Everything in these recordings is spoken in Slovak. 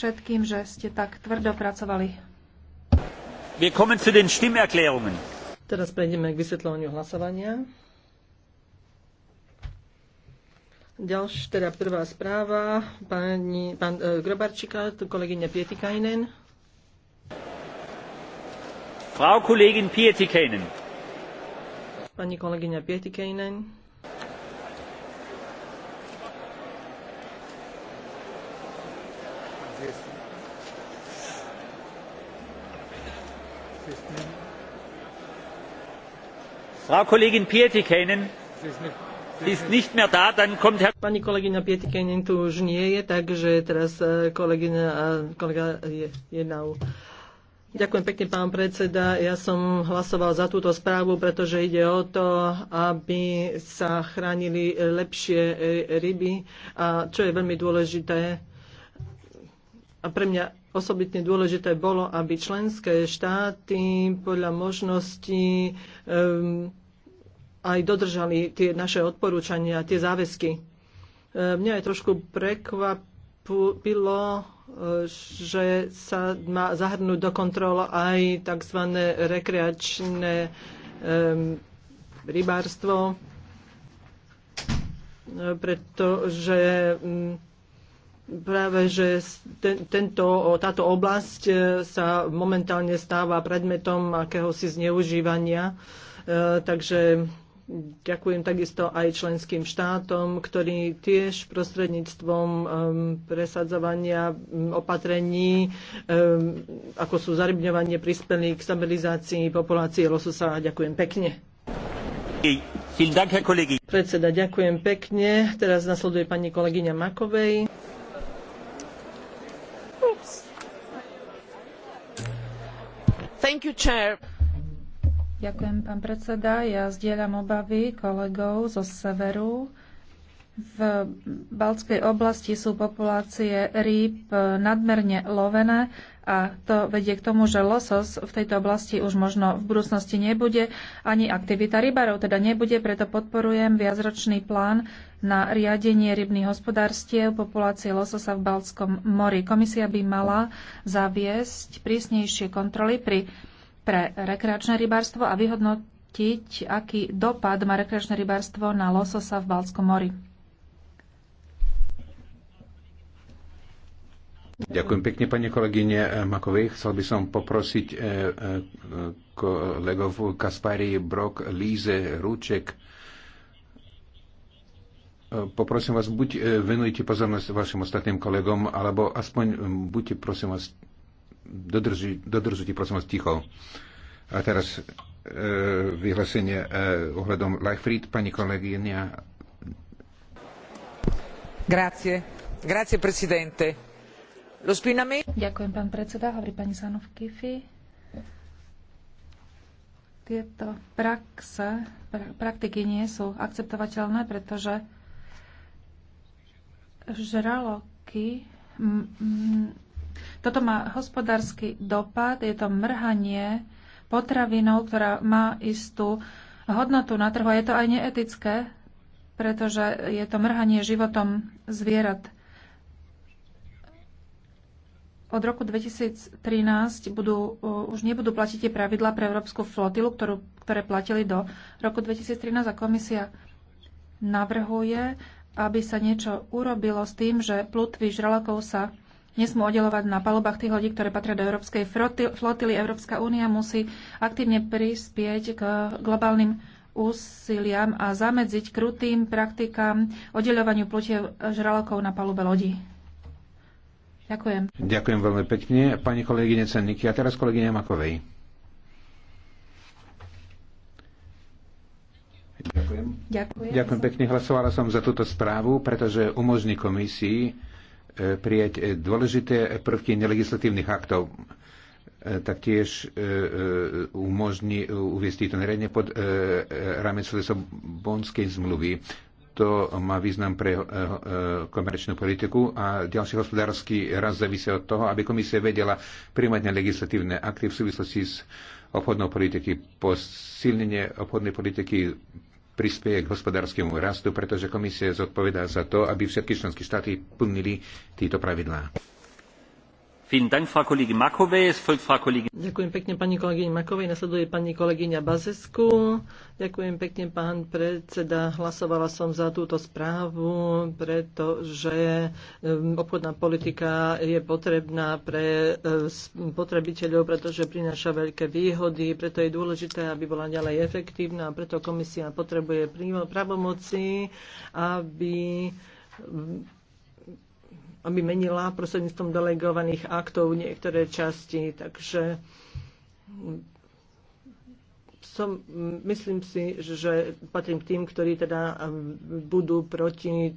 všetkým, že ste tak tvrdo pracovali. Wir kommen zu den Stimmerklärungen. Teraz prejdeme k vysvetľovaniu hlasovania. Ďalšia, teda prvá správa, pani, pán e, tu kolegyňa Pietikainen. Frau Kollegin Pietikainen. Pani kolegyňa Pietikainen. Frau Kollegin Pietikainen ist nicht mehr da, dann kommt Herr... Pani kolegyňa Pietikäinen tu už nie je, takže teraz e, kolegyňa a e, kolega je, je na... u. Ďakujem pekne, pán predseda. Ja som hlasoval za túto správu, pretože ide o to, aby sa chránili lepšie e, ryby, a čo je veľmi dôležité. A pre mňa Osobitne dôležité bolo, aby členské štáty podľa možností um, ehm, aj dodržali tie naše odporúčania, tie záväzky. Ehm, mňa je trošku prekvapilo, eh, že sa má zahrnúť do kontrol aj tzv. rekreačné um, rybárstvo, pretože um, práve, že ten, tento, táto oblasť e, sa momentálne stáva predmetom akéhosi zneužívania. E, takže ďakujem takisto aj členským štátom, ktorí tiež prostredníctvom e, presadzovania opatrení, ako sú zarybňovanie, prispeli k stabilizácii populácie lososa. Ďakujem pekne. Predseda, ďakujem pekne. Teraz nasleduje pani kolegyňa Makovej. Ďakujem, predseda. Ja zdieľam obavy kolegov zo severu v Baltskej oblasti sú populácie rýb e, nadmerne lovené a to vedie k tomu, že losos v tejto oblasti už možno v budúcnosti nebude, ani aktivita rybárov teda nebude, preto podporujem viacročný plán na riadenie rybných hospodárstiev populácie lososa v Baltskom mori. Komisia by mala zaviesť prísnejšie kontroly pri, pre rekreačné rybárstvo a vyhodnotiť, aký dopad má rekreačné rybárstvo na lososa v Baltskom mori. Ďakujem pekne, pani kolegyne Makovej. Chcel by som poprosiť eh, eh, kolegov Kaspari, Brok, Líze, Rúček. Eh, poprosím vás, buď venujte pozornosť vašim ostatným kolegom, alebo aspoň buďte, prosím vás, dodrži, dodržujte, prosím vás, ticho. A teraz e, vyhlásenie e, ohľadom Leifried, pani kolegyňa. Grazie. Grazie, presidente Ďakujem, pán predseda. Hovorí pani Sanov Kifi. Tieto praxe, pra, praktiky nie sú akceptovateľné, pretože žraloky toto má hospodársky dopad, je to mrhanie potravinou, ktorá má istú hodnotu na trhu. Je to aj neetické, pretože je to mrhanie životom zvierat od roku 2013 budú, uh, už nebudú platiť tie pravidla pre európsku flotilu, ktorú, ktoré platili do roku 2013 a komisia navrhuje, aby sa niečo urobilo s tým, že plutvy žralokov sa nesmú oddelovať na palubách tých lodí, ktoré patria do európskej flotily. Európska únia musí aktívne prispieť k globálnym úsiliam a zamedziť krutým praktikám oddeľovaniu plutiev žralokov na palube lodí. Ďakujem. Ďakujem veľmi pekne. Pani kolegyne Cenniky a teraz kolegyne Makovej. Ďakujem. Ďakujem. Ďakujem pekne. Hlasovala som za túto správu, pretože umožní komisii e, prijať e, dôležité prvky nelegislatívnych aktov e, taktiež umožní uviesť to nariadenie pod rámec Lisabonskej zmluvy to má význam pre eh, eh, komerčnú politiku a ďalší hospodársky raz závisí od toho, aby komisia vedela príjmať na legislatívne akty v súvislosti s obchodnou politiky. Posilnenie obchodnej politiky prispieje k hospodárskému rastu, pretože komisia zodpovedá za to, aby všetky členské štáty plnili tieto pravidlá. Ďakujem pekne pani kolegyni Makovej, nasleduje pani kolegyňa Bazesku. Ďakujem pekne pán predseda, hlasovala som za túto správu, pretože obchodná politika je potrebná pre eh, spotrebiteľov, pretože prináša veľké výhody, preto je dôležité, aby bola ďalej efektívna, preto komisia potrebuje právomoci, aby aby menila prostredníctvom delegovaných aktov niektoré časti. Takže som, myslím si, že patrím k tým, ktorí teda um, budú proti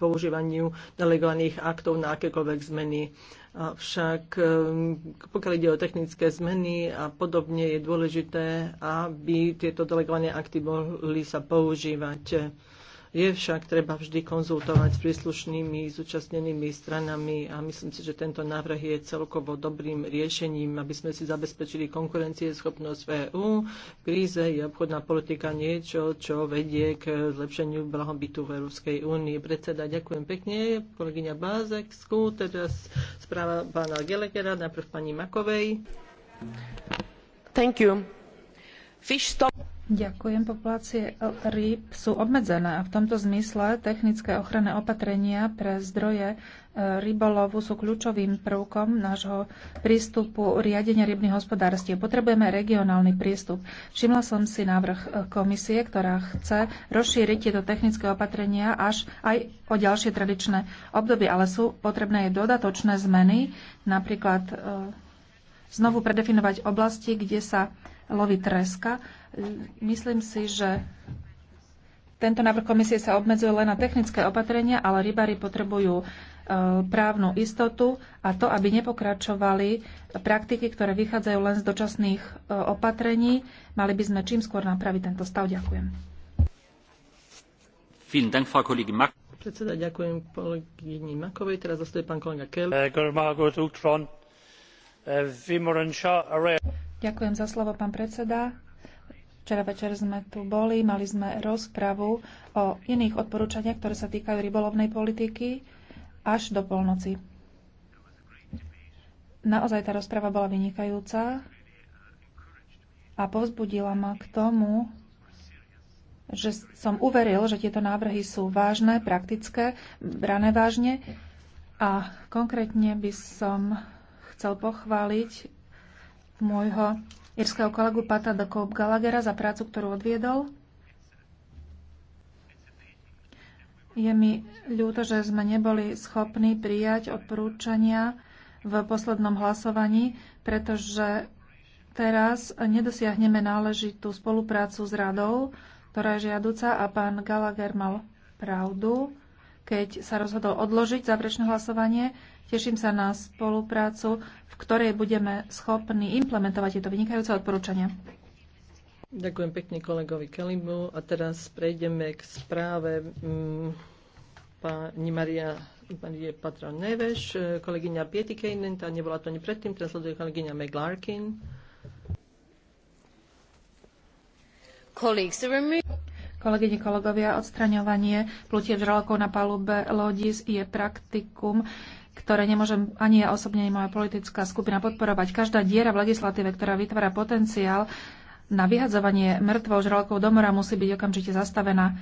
používaniu delegovaných aktov na akékoľvek zmeny. Avšak um, pokiaľ ide o technické zmeny a podobne, je dôležité, aby tieto delegované akty mohli sa používať je však treba vždy konzultovať s príslušnými zúčastnenými stranami a myslím si, že tento návrh je celkovo dobrým riešením, aby sme si zabezpečili konkurencieschopnosť v EÚ. V kríze je obchodná politika niečo, čo vedie k zlepšeniu blahobytu v Európskej únii. Predseda, ďakujem pekne. Kolegyňa Bázek, teraz správa pána Gelekera, najprv pani Makovej. Thank you. Fish stop Ďakujem. Populácie rýb sú obmedzené a v tomto zmysle technické ochranné opatrenia pre zdroje e, rybolovu sú kľúčovým prvkom nášho prístupu riadenia rybných hospodárstiev. Potrebujeme regionálny prístup. Všimla som si návrh e, komisie, ktorá chce rozšíriť tieto technické opatrenia až aj o ďalšie tradičné obdobie, ale sú potrebné aj dodatočné zmeny, napríklad e, znovu predefinovať oblasti, kde sa loví treska Myslím si, že tento návrh komisie sa obmedzuje len na technické opatrenia, ale rybári potrebujú e, právnu istotu a to, aby nepokračovali praktiky, ktoré vychádzajú len z dočasných e, opatrení. Mali by sme čím skôr napraviť tento stav. Ďakujem. Predseda, ďakujem kolegyni Makovej. Teraz zostaje pán kolega Kell. Eh, eh, ďakujem za slovo, pán predseda. Včera večer sme tu boli, mali sme rozpravu o iných odporúčaniach, ktoré sa týkajú rybolovnej politiky až do polnoci. Naozaj tá rozprava bola vynikajúca a povzbudila ma k tomu, že som uveril, že tieto návrhy sú vážne, praktické, brané vážne a konkrétne by som chcel pochváliť môjho írskeho kolegu Pata do Cope Gallaghera za prácu, ktorú odviedol. Je mi ľúto, že sme neboli schopní prijať odporúčania v poslednom hlasovaní, pretože teraz nedosiahneme náležitú spoluprácu s radou, ktorá je žiaduca a pán Gallagher mal pravdu, keď sa rozhodol odložiť záverečné hlasovanie Teším sa na spoluprácu, v ktorej budeme schopní implementovať tieto vynikajúce odporúčania. Ďakujem pekne kolegovi Kelimu a teraz prejdeme k správe mm, pani Maria je patron Neveš, kolegyňa Kejnen, tá nebola to ani predtým, teraz sleduje kolegyňa McLarkin. Kolegyne, kolegovia, odstraňovanie plutie žralokov na palube lodis je praktikum, ktoré nemôžem ani ja osobne, ani moja politická skupina podporovať. Každá diera v legislatíve, ktorá vytvára potenciál na vyhadzovanie mŕtvou žralkou do mora, musí byť okamžite zastavená.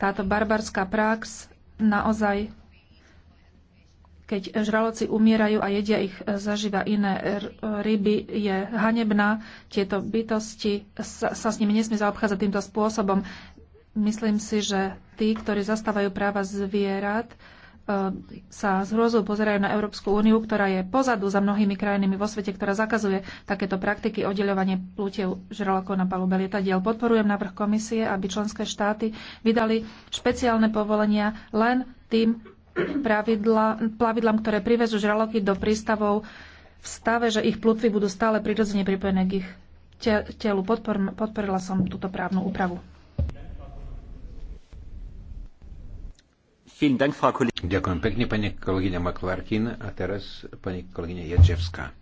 Táto barbarská prax naozaj keď žraloci umierajú a jedia ich e, zaživa iné ryby, je hanebná. Tieto bytosti sa, sa s nimi nesmie zaobchádzať týmto spôsobom. Myslím si, že tí, ktorí zastávajú práva zvierat, E, sa s hrôzou pozerajú na Európsku úniu, ktorá je pozadu za mnohými krajinami vo svete, ktorá zakazuje takéto praktiky oddeľovanie plútev žralokov na palube lietadiel. Podporujem návrh komisie, aby členské štáty vydali špeciálne povolenia len tým pravidla, plavidlám, ktoré privezú žraloky do prístavov v stave, že ich plutvy budú stále prirodzene pripojené k ich telu. podporila som túto právnu úpravu. Ďakujem pekne, pani kolegyňa Maklarkin. A teraz pani kolegyňa Jedževská.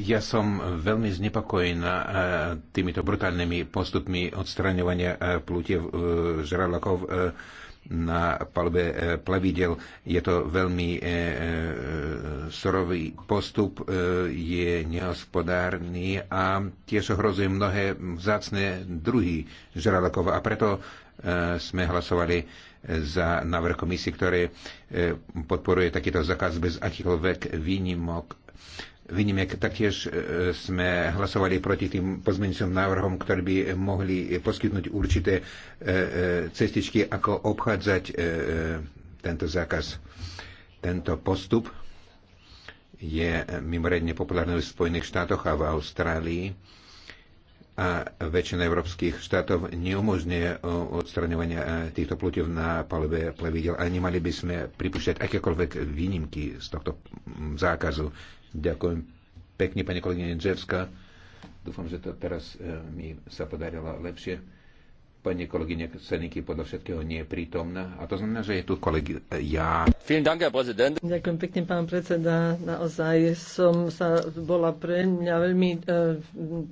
Ja som veľmi znepokojená e, týmito brutálnymi postupmi odstraňovania e, plutie e, žralokov na palbe e, plavidel. Je to veľmi e, e, surový postup, je nehospodárny a tiež ohrozuje mnohé vzácne druhy žralokov a preto sme hlasovali za návrh komisie, ktoré podporuje takýto zákaz bez akýchkoľvek výnimok že Taktiež e, sme hlasovali proti tým pozmeňujúcim návrhom, ktoré by mohli poskytnúť určité e, e, cestičky, ako obchádzať tento zákaz. Tento postup je mimoriadne populárny v Spojených štátoch a v Austrálii a väčšina európskych štátov neumožňuje odstraňovanie týchto plutiev na palube plevidel a nemali by sme pripúšťať akékoľvek výnimky z tohto zákazu. Ďakujem pekne, pani kolegyne Dževska. Dúfam, že to teraz eh, mi sa podarilo lepšie. Pani kolegyňa Seniky podľa všetkého nie je prítomná. A to znamená, že je tu kolegy ja. Ďakujem pekne, pán predseda. Naozaj som sa, bola pre mňa veľmi e,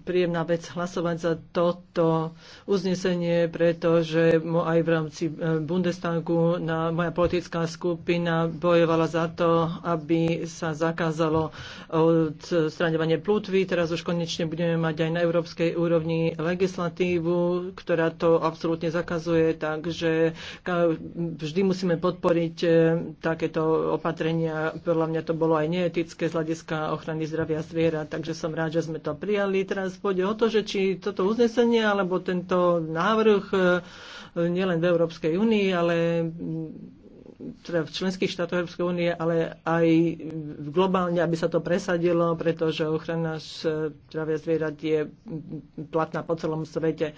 príjemná vec hlasovať za toto uznesenie, pretože aj v rámci e, Bundestagu na, moja politická skupina bojovala za to, aby sa zakázalo odstraňovanie plutvy. Teraz už konečne budeme mať aj na európskej úrovni legislatívu, ktorá to absolútne zakazuje, takže vždy musíme podporiť e, takéto opatrenia. Podľa mňa to bolo aj neetické z hľadiska ochrany zdravia zvierat, takže som rád, že sme to prijali. Teraz pôjde o to, že či toto uznesenie alebo tento návrh e, nielen v Európskej únii, ale teda v členských štátoch Európskej únie, ale aj globálne, aby sa to presadilo, pretože ochrana zdravia zvierat je platná po celom svete.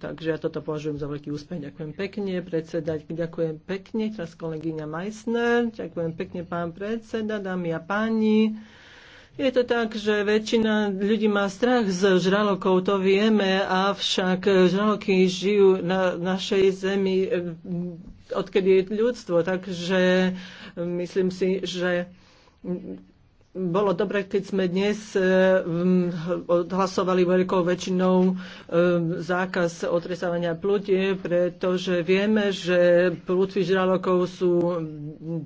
Takže ja toto považujem za veľký úspech. Ďakujem pekne, predsedať. Ďakujem pekne, teraz kolegyňa Meissner. Ďakujem pekne, pán predseda, dámy a páni. Je to tak, že väčšina ľudí má strach z žralokov, to vieme, avšak žraloky žijú na našej zemi odkedy je ľudstvo. Takže mm, myslím si, že bolo dobre, keď sme dnes e, odhlasovali veľkou väčšinou e, zákaz otresávania plutie, pretože vieme, že plutvy žralokov sú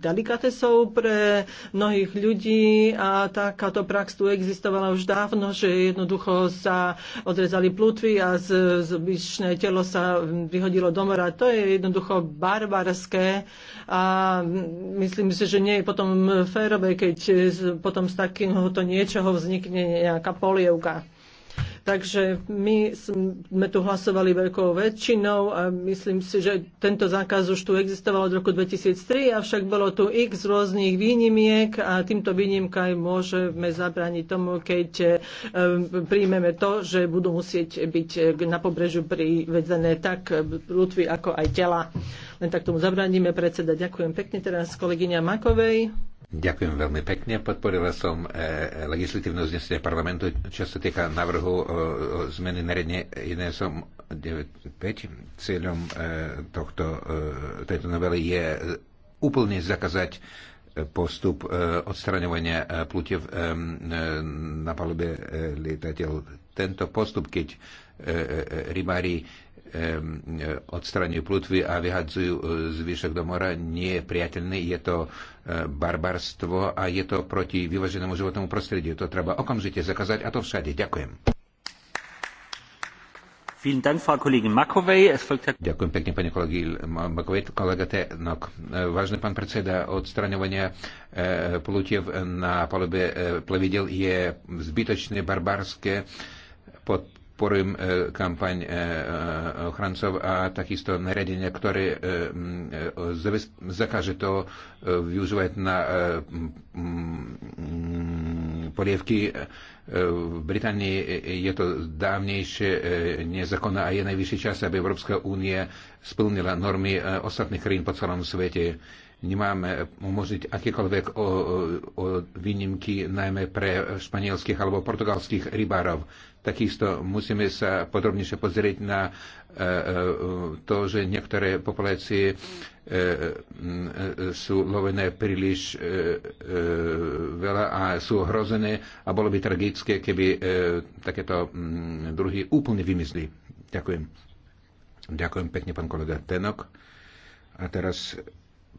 delikatesou pre mnohých ľudí a takáto prax tu existovala už dávno, že jednoducho sa odrezali plutvy a zbyšné telo sa vyhodilo do mora. To je jednoducho barbarské a myslím si, že nie je potom férové, keď potom potom z takéhoto niečoho vznikne nejaká polievka. Takže my sme tu hlasovali veľkou väčšinou a myslím si, že tento zákaz už tu existoval od roku 2003, avšak bolo tu x rôznych výnimiek a týmto výnimkám môžeme zabrániť tomu, keď e, príjmeme to, že budú musieť byť na pobrežu privedzené tak rútvy, ako aj tela. Len tak tomu zabraníme predseda. Ďakujem pekne teraz kolegyňa Makovej. Ďakujem veľmi pekne. Podporila som e, legislatívne uznesenie parlamentu, čo sa týka návrhu e, zmeny nariadenia 1195. Cieľom e, tohto, tejto novely je úplne zakázať postup odstraňovania plutiev na palube lietateľ. Tento postup, keď rybári odstraňujú plutvy a vyhadzujú e, zvyšok do mora, nie je priateľný. Je to e, barbarstvo a je to proti vyváženému životnému prostrediu. To treba okamžite zakázať a to všade. Ďakujem. Ďakujem pekne, pani kolegy Makovej. Kolega Tenok, e, vážny pán predseda, odstraňovanie plutiev na palube plevidel je zbytočné, barbarské pod podporujem e, kampaň e, e, ochrancov a takisto nariadenia, ktoré zakáže to využívať na polievky. V Británii je to dávnejšie nezákonné a je najvyšší čas, aby Európska únia splnila normy ostatných krajín po celom svete nemáme umožniť akékoľvek o, o, o výnimky, najmä pre španielských alebo portugalských rybárov. Takisto musíme sa podrobnejšie pozrieť na e, e, to, že niektoré populácie e, e, sú lovené príliš e, e, veľa a sú hrozené a bolo by tragické, keby e, takéto m, mm, druhy úplne vymizli. Ďakujem. Ďakujem pekne, pán kolega Tenok. A teraz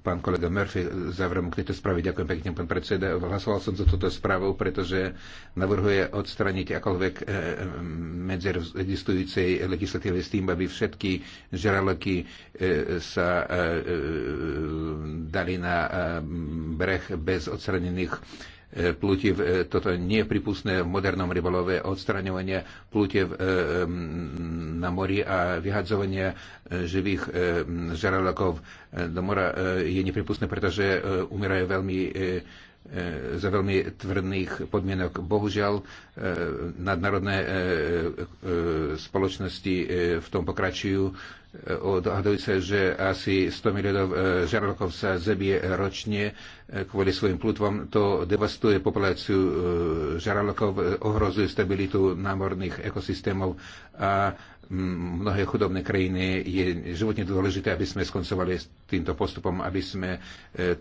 pán kolega Murphy záverom k tejto správe. Ďakujem pekne, pán predseda. Hlasoval som za túto správu, pretože navrhuje odstraniť akoľvek e, medzer existujúcej legislatívy s tým, aby všetky žraloky e, sa e, dali na breh bez odstranených plutiv, e, toto nie je pripustné v modernom rybolove, odstraňovanie plutiv e, na mori a vyhadzovanie e, živých žaralokov do mora je nepripustné, pretože umierajú veľmi za veľmi tvrdných podmienok. Bohužiaľ, nadnárodné spoločnosti v tom pokračujú odhaduje sa, že asi 100 miliónov e, žarlokov sa zabije ročne e, kvôli svojim plutvom. To devastuje populáciu e, žarlokov, ohrozuje stabilitu námorných ekosystémov a mnohé chudobné krajiny je životne dôležité, aby sme skoncovali s týmto postupom, aby sme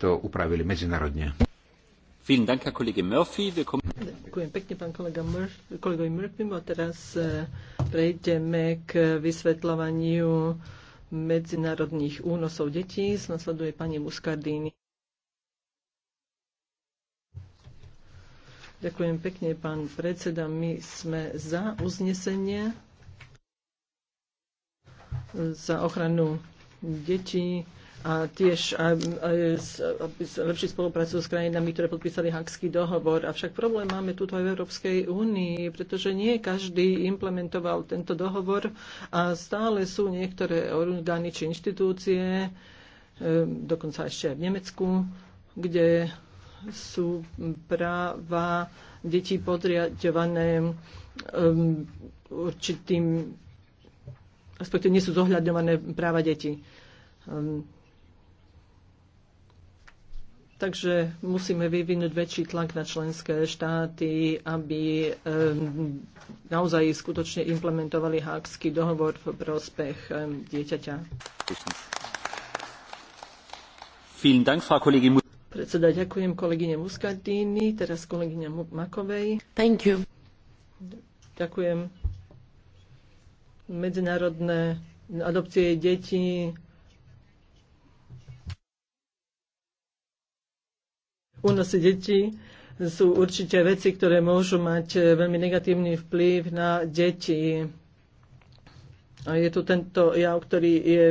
to upravili medzinárodne. Ďakujem pekne, pán kolega Murphy, kolegovi Murphym. A teraz e, prejdeme k vysvetľovaniu medzinárodných únosov detí. Nasleduje pani Muscardini. Ďakujem pekne, pán predseda. My sme za uznesenie za ochranu detí a tiež lepší spoluprácu s krajinami, ktoré podpísali Hakský dohovor. Avšak problém máme tu aj v Európskej únii, pretože nie každý implementoval tento dohovor a stále sú niektoré orgány či inštitúcie, e, dokonca ešte aj v Nemecku, kde sú práva detí podriadované e, určitým, respektíve nie sú zohľadňované práva detí. Um, Takže musíme vyvinúť väčší tlak na členské štáty, aby naozaj skutočne implementovali hákský dohovor v prospech dieťaťa. Predseda, ďakujem kolegyne Muscardini, teraz kolegyne Makovej. Thank you. Ďakujem. Medzinárodné adopcie detí únosy detí sú určite veci, ktoré môžu mať eh, veľmi negatívny vplyv na deti. A je tu tento jav, ktorý je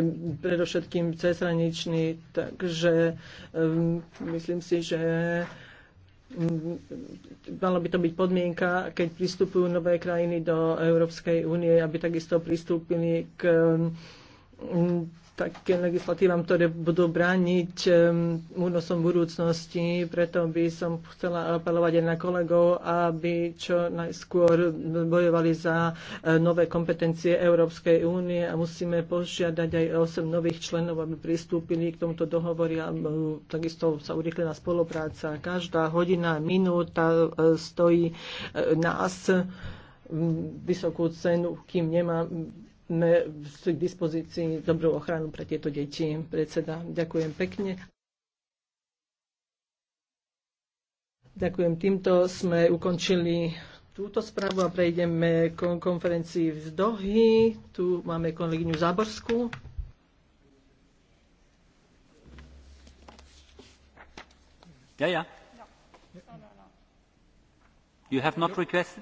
predovšetkým cezhraničný, takže um, myslím si, že mm, malo by to byť podmienka, keď pristupujú nové krajiny do Európskej únie, aby takisto pristúpili k mm, takým legislatívam, ktoré budú brániť únosom budúcnosti. Preto by som chcela apelovať aj na kolegov, aby čo najskôr bojovali za e, nové kompetencie Európskej únie a musíme požiadať aj 8 nových členov, aby pristúpili k tomuto dohovoru a e, takisto sa urychlila spolupráca. Každá hodina, minúta e, stojí nás vysokú cenu, kým nemá sme k dispozícii dobrú ochranu pre tieto deti. Predseda, ďakujem pekne. Ďakujem. Týmto sme ukončili túto správu a prejdeme k konferencii v Dohy. Tu máme kolegyňu Záborskú. Ja, ja. You have not requested?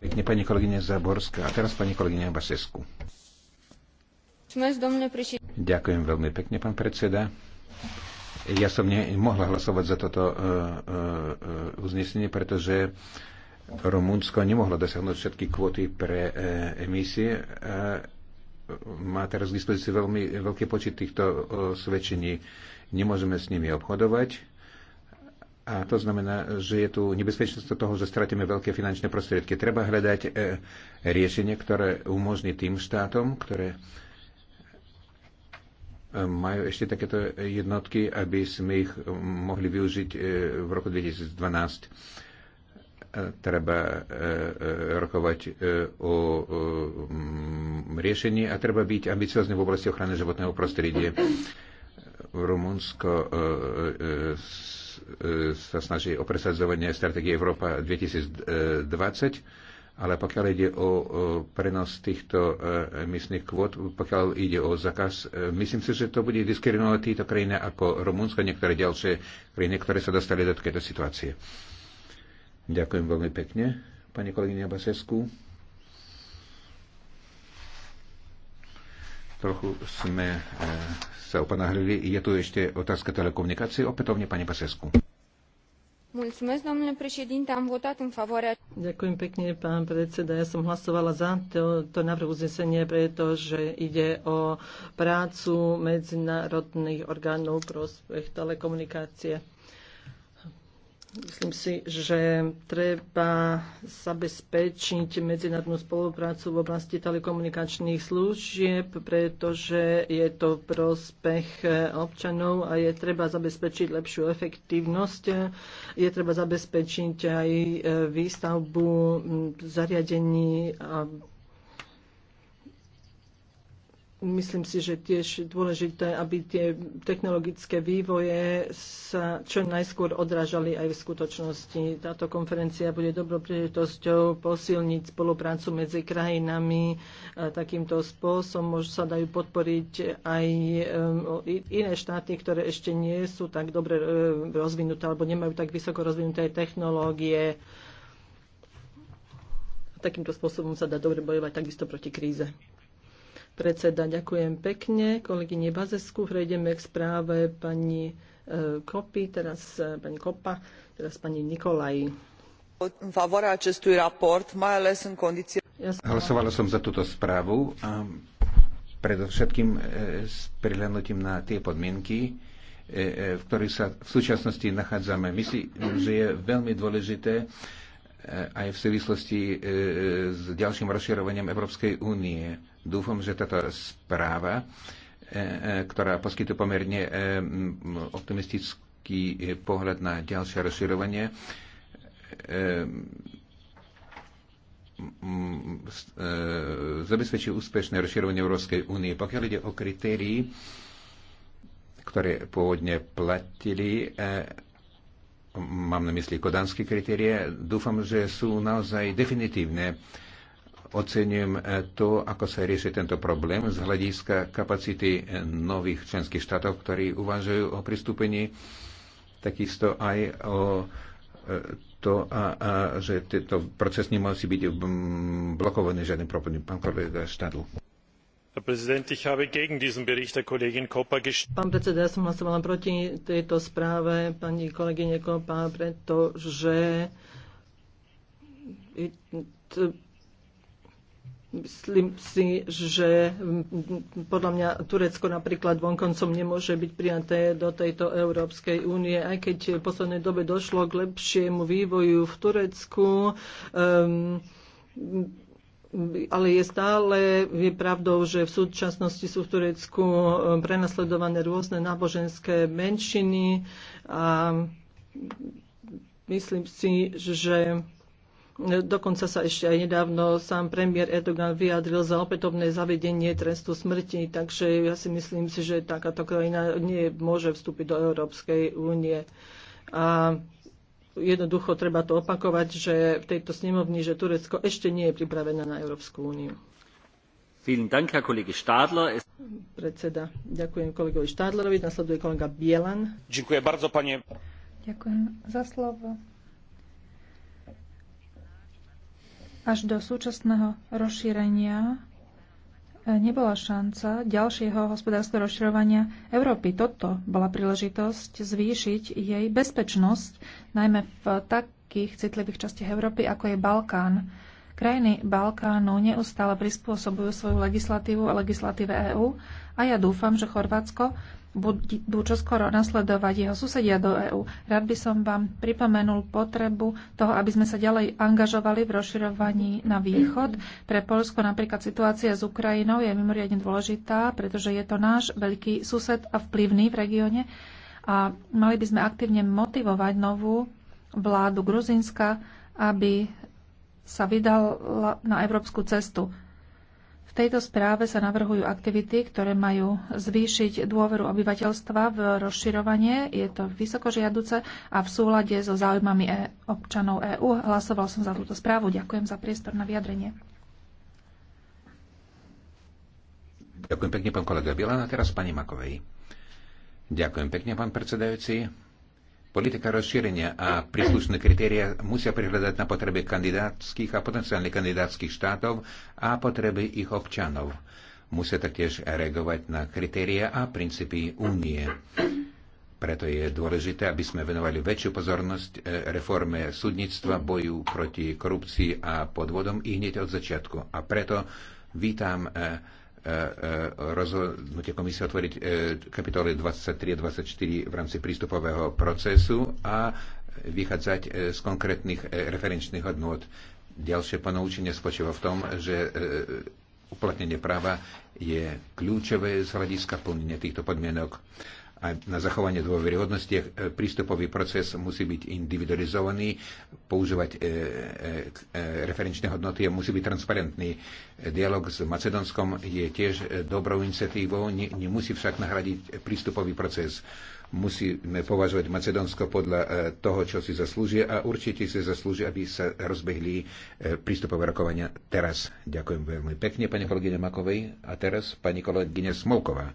Pekne pani kolegyne Zaborská a teraz pani kolegyňa Basesku. Ďakujem veľmi pekne, pán predseda. Ja som nemohla hlasovať za toto uh, uh, uznesenie, pretože Rumunsko nemohlo dosiahnuť všetky kvóty pre uh, emisie. Uh, má teraz k dispozícii veľmi veľký počet týchto osvedčení. Nemôžeme s nimi obchodovať a to znamená, že je tu nebezpečenstvo toho, že stratíme veľké finančné prostriedky. Treba hľadať e, riešenie, ktoré umožní tým štátom, ktoré e, majú ešte takéto jednotky, aby sme ich mohli využiť e, v roku 2012. E, treba rokovať o riešení a treba byť ambiciozný v oblasti ochrany životného prostredia. Rumunsko E, sa snaží o presadzovanie stratégie Európa 2020, ale pokiaľ ide o prenos týchto e, emisných kvót, pokiaľ ide o zákaz, e, myslím si, že to bude diskriminovať tieto krajiny ako Rumunsko a niektoré ďalšie krajiny, ktoré sa dostali do takéto situácie. Ďakujem veľmi pekne, pani kolegyňa Basesku. Trochu sme eh, sa opanahrili. Je tu ešte otázka telekomunikácie. Opätovne pani Pasesku. Ďakujem pekne, pán predseda. Ja som hlasovala za to, to návrh uznesenie, pretože ide o prácu medzinárodných orgánov prospech telekomunikácie. Myslím si, že treba zabezpečiť medzinárodnú spoluprácu v oblasti telekomunikačných služieb, pretože je to prospech občanov a je treba zabezpečiť lepšiu efektívnosť. Je treba zabezpečiť aj výstavbu zariadení a myslím si, že tiež dôležité, aby tie technologické vývoje sa čo najskôr odrážali aj v skutočnosti. Táto konferencia bude dobrou príležitosťou posilniť spoluprácu medzi krajinami. Takýmto spôsobom sa dajú podporiť aj um, iné štáty, ktoré ešte nie sú tak dobre um, rozvinuté alebo nemajú tak vysoko rozvinuté technológie. Takýmto spôsobom sa dá dobre bojovať takisto proti kríze predseda. Ďakujem pekne kolegyne Bazesku. Prejdeme k správe pani e, Kopy, teraz e, pani Kopa, teraz pani Nikolaj. acestui raport, mai ales în Hlasovala som za túto správu a predovšetkým e, s prihľadnutím na tie podmienky, v ktorých sa v súčasnosti nachádzame. Myslím, že je veľmi dôležité aj v súvislosti s ďalším rozširovaním Európskej únie Dúfam, že táto správa, e, e, ktorá poskytuje pomerne e, optimistický pohľad na ďalšie rozširovanie, zabezpečí úspešné rozširovanie Európskej únie. Pokiaľ ide o kritérii, ktoré pôvodne platili, mám na mysli kodanské kritérie, dúfam, že sú naozaj definitívne. Oceňujem eh, to, ako sa rieši tento problém z hľadiska kapacity eh, nových členských štátov, ktorí uvažujú o pristúpení, takisto aj o eh, to, a, a, že tento proces nemusí byť mm, blokovaný žiadnym problémom. Pán kolega Štadl. Pán predseda, ja som hlasovala proti tejto správe pani kolegyne Kopa, pretože Myslím si, že podľa mňa Turecko napríklad vonkoncom nemôže byť prijaté do tejto Európskej únie, aj keď v poslednej dobe došlo k lepšiemu vývoju v Turecku. Um, ale je stále je pravdou, že v súčasnosti sú v Turecku ehm, prenasledované rôzne náboženské menšiny a myslím si, že Dokonca sa ešte aj nedávno sám premiér Erdogan vyjadril za opätovné zavedenie trestu smrti, takže ja si myslím si, že takáto krajina nie môže vstúpiť do Európskej únie. A jednoducho treba to opakovať, že v tejto snemovni, že Turecko ešte nie je pripravené na Európsku úniu. Predseda, ďakujem kolegovi Stadlerovi, Nasleduje kolega Bielan. Ďakujem bardzo, panie. Ďakujem za slovo. Až do súčasného rozšírenia e, nebola šanca ďalšieho hospodárskeho rozširovania Európy. Toto bola príležitosť zvýšiť jej bezpečnosť, najmä v takých citlivých častiach Európy, ako je Balkán. Krajiny Balkánu neustále prispôsobujú svoju legislatívu a legislatíve EÚ a ja dúfam, že Chorvátsko budú čoskoro nasledovať jeho susedia do EÚ. Rád by som vám pripomenul potrebu toho, aby sme sa ďalej angažovali v rozširovaní na východ. Pre Polsko napríklad situácia s Ukrajinou je mimoriadne dôležitá, pretože je to náš veľký sused a vplyvný v regióne a mali by sme aktívne motivovať novú vládu Gruzinska, aby sa vydala na európsku cestu. V tejto správe sa navrhujú aktivity, ktoré majú zvýšiť dôveru obyvateľstva v rozširovanie. Je to vysoko žiaduce a v súlade so záujmami e- občanov EÚ. Hlasoval som za túto správu. Ďakujem za priestor na vyjadrenie. Ďakujem pekne, pán kolega Bielana. A teraz pani Makovej. Ďakujem pekne, pán predsedajúci. Politika rozšírenia a príslušné kritéria musia prihľadať na potreby kandidátskych a potenciálnych kandidátskych štátov a potreby ich občanov. Musia taktiež reagovať na kritéria a princípy únie. Preto je dôležité, aby sme venovali väčšiu pozornosť e, reforme súdnictva, boju proti korupcii a podvodom i hneď od začiatku. A preto vítam eh, E, e, rozhodnutie komisie otvoriť e, kapitoly 23 a 24 v rámci prístupového procesu a vychádzať z konkrétnych referenčných hodnot. Ďalšie ponaučenie spočíva v tom, že uplatnenie práva je kľúčové z hľadiska plnenia týchto podmienok a na zachovanie dôveryhodnosti e, prístupový proces musí byť individualizovaný, používať e, e, referenčné hodnoty a musí byť transparentný. Dialóg s Macedónskom je tiež dobrou iniciatívou, nemusí však nahradiť prístupový proces. Musíme považovať Macedónsko podľa toho, čo si zaslúži a určite si zaslúži, aby sa rozbehli prístupové rokovania teraz. Ďakujem veľmi pekne, pani kolegyne Makovej. A teraz pani kolegyne Smolková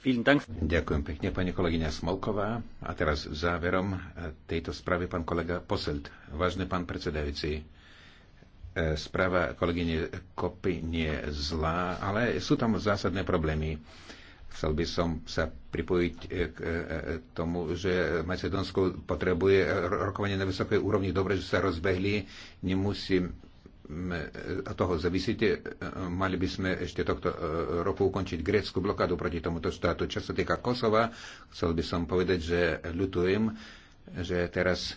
Ďakujem pekne, pani kolegyňa Smolková. A teraz záverom tejto správy pán kolega Poselt. Vážny pán predsedajúci, e, správa kolegyne Kopy nie je zlá, ale sú tam zásadné problémy. Chcel by som sa pripojiť e, k e, tomu, že Macedónsko potrebuje rokovanie na vysokej úrovni. Dobre, že sa rozbehli. Nemusím a toho zavisíte, mali by sme ešte tohto e, roku ukončiť grécku blokádu proti tomuto štátu. Čo sa týka Kosova, chcel by som povedať, že ľutujem, že teraz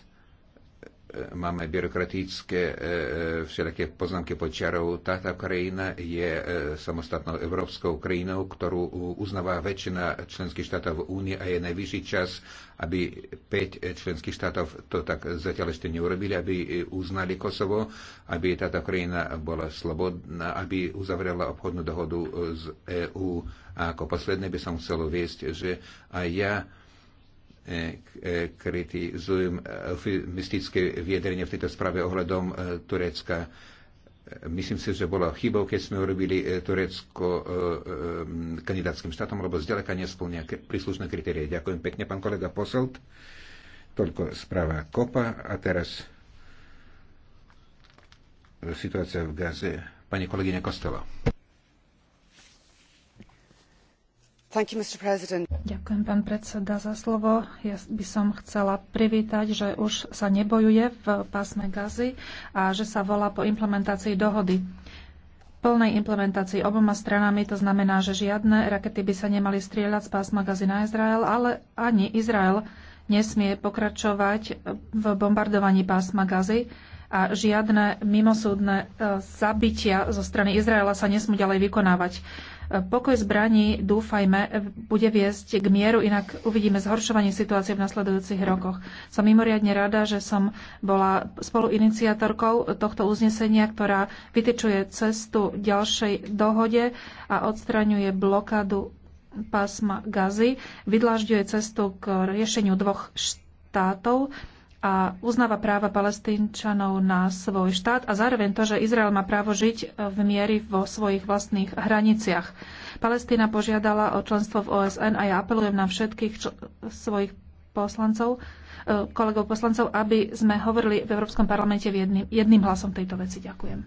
máme byrokratické e, e, všelijaké poznámky pod čarou. Táto krajina je e, samostatnou európskou krajinou, ktorú uznáva väčšina členských štátov únie a je najvyšší čas, aby 5 členských štátov to tak zatiaľ ešte neurobili, aby uznali Kosovo, aby táto krajina bola slobodná, aby uzavrela obchodnú dohodu z EÚ. A ako posledné by som chcel viesť, že aj ja E, e, kritizujem e, eufemistické vyjadrenie v tejto správe ohľadom Turecka. Myslím si, že bolo chybou, keď sme urobili Turecko kandidátským štátom, lebo zďaleka nesplňa príslušné kritérie. Ďakujem pekne, pán kolega Poselt. Toľko správa Kopa a teraz situácia v Gaze. Pani kolegyňa Kostela. Ďakujem, pán predseda, za slovo. Ja by som chcela privítať, že už sa nebojuje v pásme Gazy a že sa volá po implementácii dohody. Plnej implementácii oboma stranami to znamená, že žiadne rakety by sa nemali strieľať z pásma Gazy na Izrael, ale ani Izrael nesmie pokračovať v bombardovaní pásma Gazy a žiadne mimosúdne e, zabitia zo strany Izraela sa nesmú ďalej vykonávať. Pokoj zbraní, dúfajme, bude viesť k mieru, inak uvidíme zhoršovanie situácie v nasledujúcich rokoch. Som mimoriadne rada, že som bola spoluiniciatorkou tohto uznesenia, ktorá vytečuje cestu ďalšej dohode a odstraňuje blokádu pásma Gazy, vydlážďuje cestu k riešeniu dvoch štátov a uznáva práva palestínčanov na svoj štát a zároveň to, že Izrael má právo žiť v miery vo svojich vlastných hraniciach. Palestína požiadala o členstvo v OSN a ja apelujem na všetkých svojich poslancov, e, kolegov poslancov, aby sme hovorili v Európskom parlamente jedným, jedným hlasom tejto veci. Ďakujem.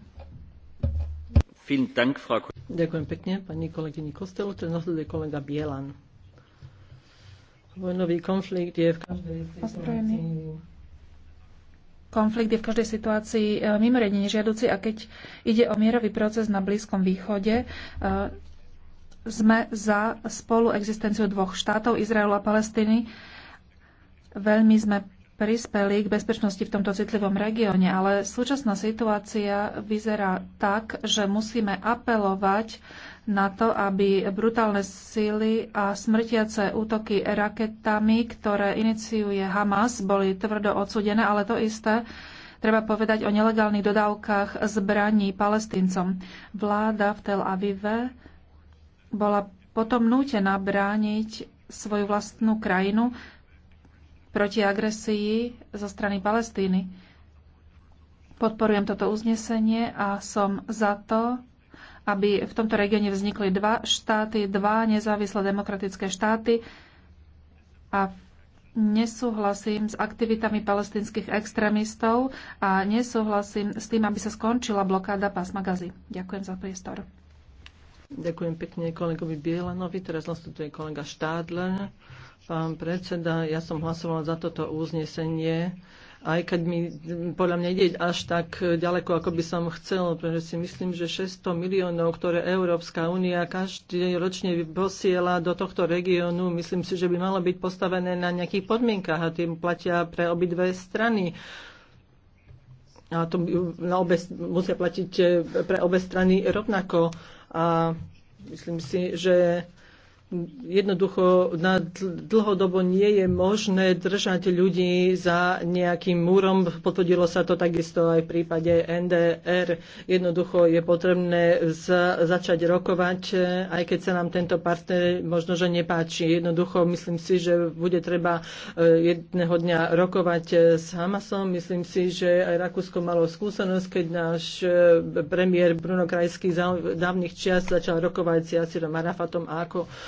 Ďakujem pekne pani kolegyni Kostelu. Teraz nasleduje kolega Bielan. Vojnový konflikt je v každej situácii konflikt je v každej situácii e, mimoriadne nežiaduci a keď ide o mierový proces na Blízkom východe, e, sme za spoluexistenciu dvoch štátov, Izraelu a Palestíny. Veľmi sme prispeli k bezpečnosti v tomto citlivom regióne, ale súčasná situácia vyzerá tak, že musíme apelovať na to, aby brutálne síly a smrtiace útoky raketami, ktoré iniciuje Hamas, boli tvrdo odsudené, ale to isté treba povedať o nelegálnych dodávkach zbraní palestíncom. Vláda v Tel Avive bola potom nútená brániť svoju vlastnú krajinu proti agresii zo strany Palestíny. Podporujem toto uznesenie a som za to, aby v tomto regióne vznikli dva štáty, dva nezávislé demokratické štáty a nesúhlasím s aktivitami palestinských extrémistov a nesúhlasím s tým, aby sa skončila blokáda pásma Gazy. Ďakujem za priestor. Ďakujem pekne kolegovi Bielanovi. Teraz nastupuje kolega Štádler. Pán predseda, ja som hlasovala za toto uznesenie, aj keď mi podľa mňa ide až tak ďaleko, ako by som chcel, pretože si myslím, že 600 miliónov, ktoré Európska únia každý ročne posiela do tohto regiónu, myslím si, že by malo byť postavené na nejakých podmienkach a tým platia pre obidve strany. A to na obe, musia platiť eh, pre obe strany rovnako. A myslím si, že jednoducho na dlhodobo nie je možné držať ľudí za nejakým múrom. Potvrdilo sa to takisto aj v prípade NDR. Jednoducho je potrebné začať rokovať, aj keď sa nám tento partner možno, že nepáči. Jednoducho myslím si, že bude treba e, jedného dňa rokovať e, s Hamasom. Myslím si, že aj Rakúsko malo skúsenosť, keď náš e, premiér Bruno Krajský z dávnych čias začal rokovať s Jasirom Arafatom a ako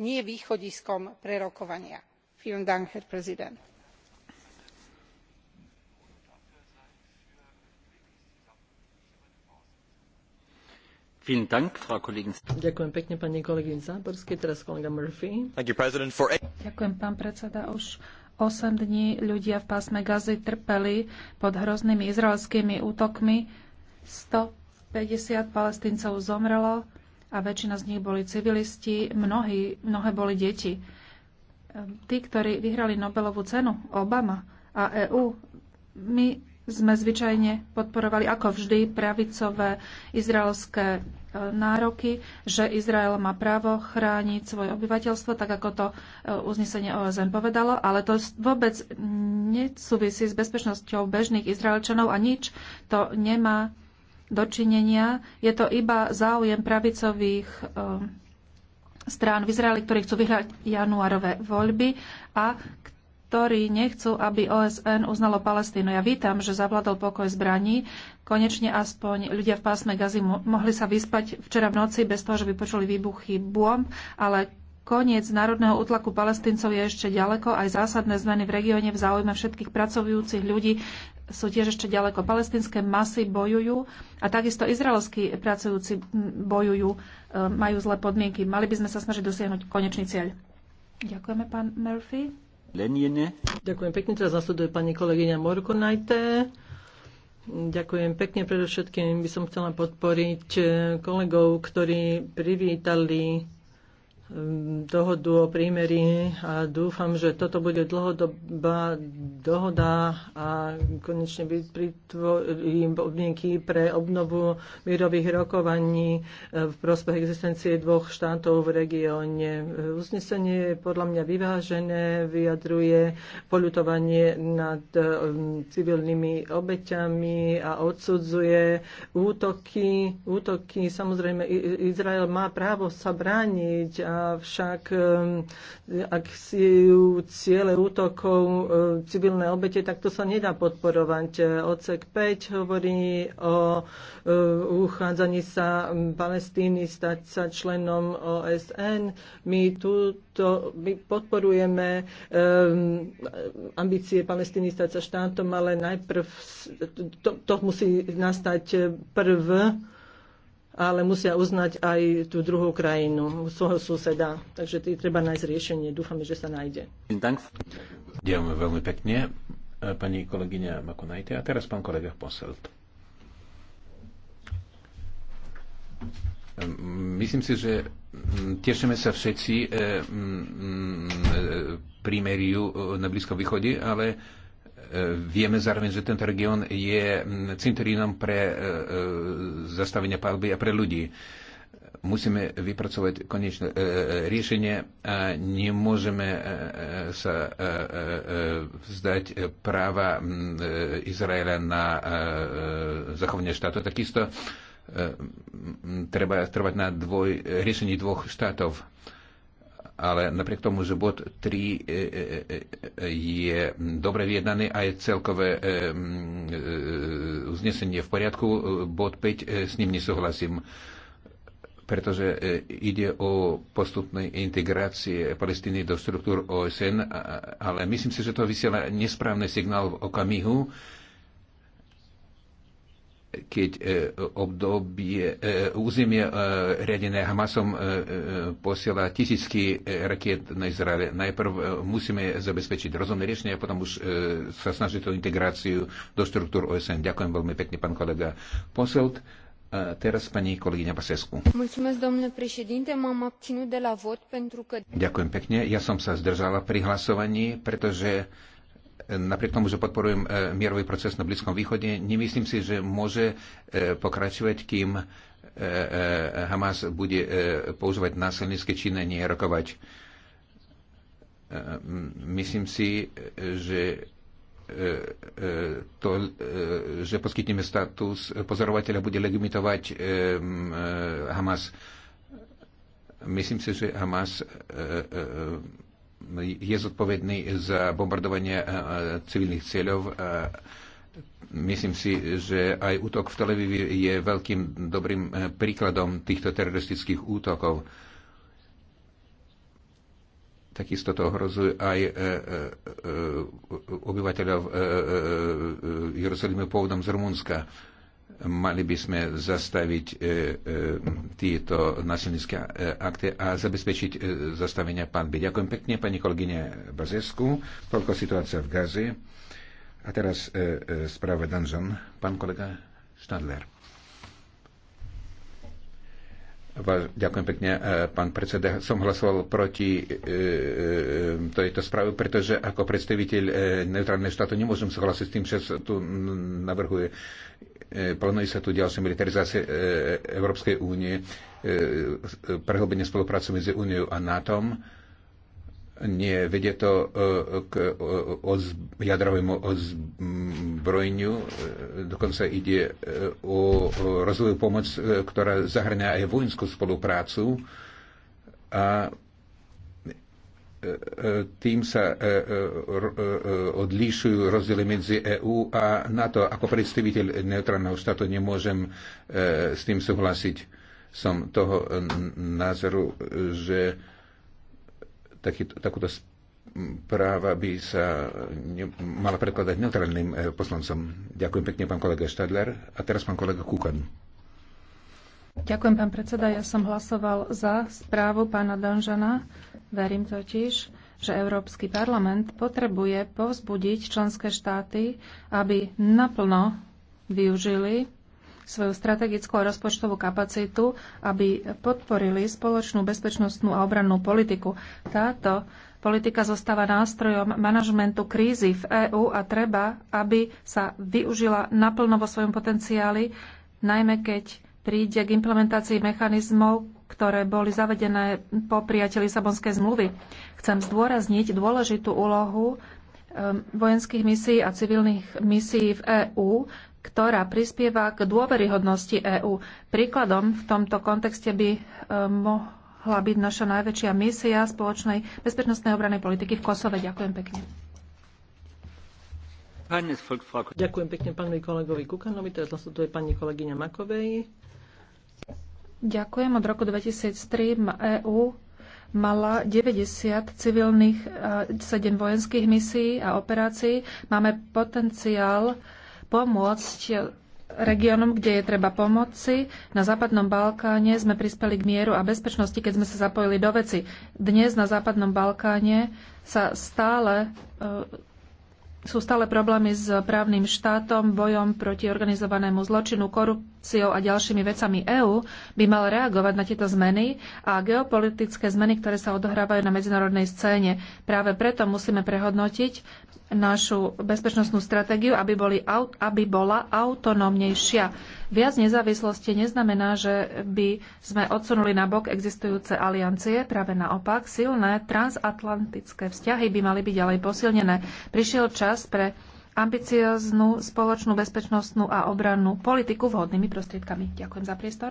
nie východiskom pre rokovania. Ďakujem pekne pani pán predseda už. 8 dní ľudia v pásme Gazy trpeli pod hroznými izraelskými útokmi. 150 palestíncov zomrelo, a väčšina z nich boli civilisti, mnohí, mnohé boli deti. Ehm, tí, ktorí vyhrali Nobelovú cenu, Obama a EÚ, my sme zvyčajne podporovali ako vždy pravicové izraelské e, nároky, že Izrael má právo chrániť svoje obyvateľstvo, tak ako to e, uznesenie OSN povedalo, ale to vôbec nesúvisí s bezpečnosťou bežných Izraelčanov a nič to nemá dočinenia. Je to iba záujem pravicových eh, strán v Izraeli, ktorí chcú vyhrať januárové voľby a ktorí nechcú, aby OSN uznalo Palestínu. Ja vítam, že zavládol pokoj zbraní. Konečne aspoň ľudia v pásme Gazi mohli sa vyspať včera v noci bez toho, že by počuli výbuchy bomb, ale koniec národného útlaku palestíncov je ešte ďaleko. Aj zásadné zmeny v regióne v záujme všetkých pracujúcich ľudí sú tiež ešte ďaleko. Palestinské masy bojujú a takisto izraelskí pracujúci bojujú, e, majú zlé podmienky. Mali by sme sa snažiť dosiahnuť konečný cieľ. Ďakujeme, pán Murphy. Lenine. Ďakujem pekne, teraz nasleduje pani kolegyňa Morkonajte. Ďakujem pekne, predovšetkým by som chcela podporiť e, kolegov, ktorí privítali Ehm, dohodu o prímeri a dúfam, že toto bude dlhodobá dohoda a konečne vytvorím podmienky pre obnovu mírových rokovaní ehm, v prospech existencie dvoch štátov v regióne. Uznesenie je podľa mňa vyvážené, vyjadruje polutovanie nad ehm, civilnými obeťami a odsudzuje útoky. útoky. Samozrejme, Izrael má právo sa brániť a avšak ak sú ciele útokov civilné obete, tak to sa nedá podporovať. Odsek 5 hovorí o uchádzaní sa Palestíny stať sa členom OSN. My túto my podporujeme ambície Palestíny stať sa štátom, ale najprv to, to musí nastať prv ale musia uznať aj tú druhú krajinu, svojho suseda. Takže tý, treba nájsť riešenie. Dúfame, že sa nájde. Ďakujem veľmi pekne, e, pani kolegyňa Makonajte. A teraz pán kolega Poselt. Myslím si, že tešíme sa všetci e, m, m, e, prímeriu na Blízkom východe, ale vieme zároveň, že tento región je mm, cinterínom pre e, e, zastavenie palby a pre ľudí. Musíme vypracovať konečné e, riešenie a nemôžeme sa vzdať práva mm, Izraela na zachovanie štátu. Takisto treba trvať na dvoj, riešení dvoch štátov ale napriek tomu, že bod 3 e, e, e, je dobre vyjednaný a je celkové uznesenie v poriadku, bod 5 s ním nesúhlasím pretože ide o postupnej integrácie Palestíny do štruktúr OSN, ale myslím si, že to vysiela nesprávny signál v okamihu, keď e, obdobie, e, územie e, riadené Hamasom posiela tisícky rakiet na Izrael. Najprv musíme zabezpečiť rozumné riešenie a potom už sa snažiť o integráciu do štruktúr OSN. Ďakujem veľmi pekne, pán kolega Poselt. Teraz pani kolegyňa Basescu. Ďakujem pekne. Ja som sa zdržala pri hlasovaní, pretože napriek tomu, že podporujem e, mierový proces na Blízkom východe, nemyslím si, že môže e, pokračovať, kým e, Hamas bude používať násilnícke činy, nie rokovať. Myslím si, že to, že poskytneme status pozorovateľa, bude legitimovať Hamas. Myslím si, že Hamas je zodpovedný za bombardovanie eh, eh, civilných cieľov. Eh, myslím si, že aj útok v Televivi je veľkým dobrým príkladom týchto teroristických útokov. Takisto to ohrozuje aj obyvateľov Jeruzalimu pôvodom z Rumunska Mali by sme zastaviť e, e, tieto násilnícke akty a zabezpečiť e, zastavenia panby. Ďakujem pekne, pani kolegyne Bazesku. Toľko situácia v Gaze. A teraz e, e, správa Danzon. Pán kolega Stadler. Ďakujem pekne, e, pán predseda. Som hlasoval proti e, e, tejto správe, pretože ako predstaviteľ e, neutrálneho štátu nemôžem súhlasiť s tým, čo tu navrhuje. e, E, plánuje sa tu ďalšia militarizácia e, Európskej únie, e, prehlbenie spolupráce medzi úniou a NATO. Nie, vedie to k jadrovému ozbrojeniu. Dokonca ide o rozvoju pomoc, ktorá zahrňa aj vojenskú spoluprácu a tým sa e, e, e, odlišujú rozdiely medzi EÚ a NATO. Ako predstaviteľ neutrálneho štátu nemôžem s tým súhlasiť. Som toho názoru, že taký, takúto práva by sa ne, mala predkladať neutrálnym poslancom. Ďakujem pekne, pán kolega Štadler. A teraz pán kolega Kukan. Ďakujem, pán predseda. Ja som hlasoval za správu pána Danžana. Verím totiž, že Európsky parlament potrebuje povzbudiť členské štáty, aby naplno využili svoju strategickú a rozpočtovú kapacitu, aby podporili spoločnú bezpečnostnú a obrannú politiku. Táto politika zostáva nástrojom manažmentu krízy v EÚ a treba, aby sa využila naplno vo svojom potenciáli, najmä keď príde k implementácii mechanizmov, ktoré boli zavedené po prijatí Lisabonskej zmluvy. Chcem zdôrazniť dôležitú úlohu um, vojenských misií a civilných misií v EÚ, ktorá prispieva k dôveryhodnosti EÚ. Príkladom v tomto kontexte by um, mohla byť naša najväčšia misia spoločnej bezpečnostnej obranej politiky v Kosove. Ďakujem pekne. Ďakujem pekne pánovi kolegovi Kukanovi. Teraz nasleduje pani kolegyňa Makovej. Ďakujem. Od roku 2003 EU mala 90 civilných, 7 vojenských misií a operácií. Máme potenciál pomôcť regiónom, kde je treba pomoci. Na Západnom Balkáne sme prispeli k mieru a bezpečnosti, keď sme sa zapojili do veci. Dnes na Západnom Balkáne sa stále e, sú stále problémy s právnym štátom, bojom proti organizovanému zločinu, korupciou a ďalšími vecami EÚ, by mal reagovať na tieto zmeny a geopolitické zmeny, ktoré sa odohrávajú na medzinárodnej scéne. Práve preto musíme prehodnotiť našu bezpečnostnú stratégiu, aby, boli, aby bola autonómnejšia. Viac nezávislosti neznamená, že by sme odsunuli na bok existujúce aliancie. Práve naopak, silné transatlantické vzťahy by mali byť ďalej posilnené. Prišiel čas pre ambicioznú spoločnú bezpečnostnú a obrannú politiku vhodnými prostriedkami. Ďakujem za priestor.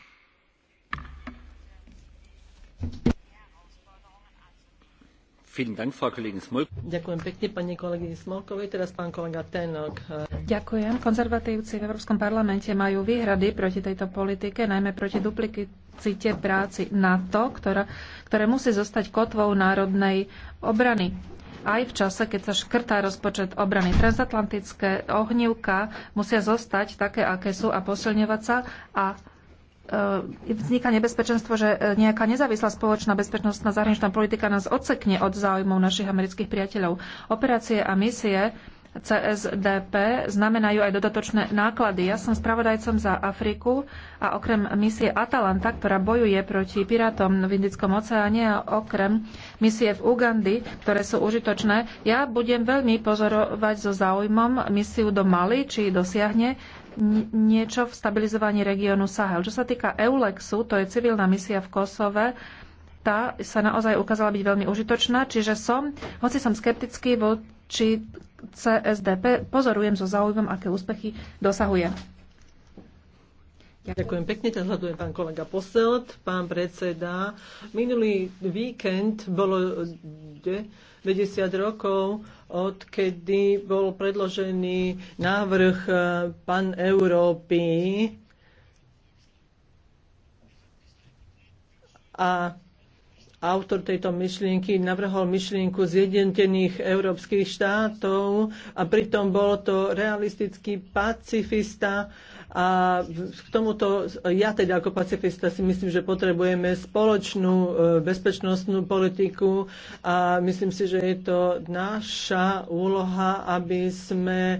Ďakujem pekne pani kolegyni Smolkovej. Teraz pán kolega Tenok. Ďakujem. Konzervatívci v Európskom parlamente majú výhrady proti tejto politike, najmä proti duplicite práci NATO, ktorá, ktoré musí zostať kotvou národnej obrany aj v čase, keď sa škrtá rozpočet obrany. Transatlantické ohnívka musia zostať také, aké sú a posilňovať sa a E, vzniká nebezpečenstvo, že e, nejaká nezávislá spoločná bezpečnostná zahraničná politika nás odsekne od záujmov našich amerických priateľov. Operácie a misie CSDP znamenajú aj dodatočné náklady. Ja som spravodajcom za Afriku a okrem misie Atalanta, ktorá bojuje proti pirátom v Indickom oceáne a okrem misie v Ugandy, ktoré sú užitočné, ja budem veľmi pozorovať so záujmom misiu do Mali, či dosiahne niečo v stabilizovaní regiónu Sahel. Čo sa týka EULEXu, to je civilná misia v Kosove, tá sa naozaj ukázala byť veľmi užitočná, čiže som, hoci som skeptický voči CSDP, pozorujem so záujmom, aké úspechy dosahuje. Ďakujem. Ďakujem pekne, ťa hľadujem pán kolega Poselt, pán predseda. Minulý víkend bolo 90 rokov odkedy bol predložený návrh eh, Pan Európy a Autor tejto myšlienky navrhol myšlienku zjednotených európskych štátov a pritom bol to realistický pacifista a k tomuto ja teda ako pacifista si myslím, že potrebujeme spoločnú e, bezpečnostnú politiku a myslím si, že je to naša úloha, aby sme e,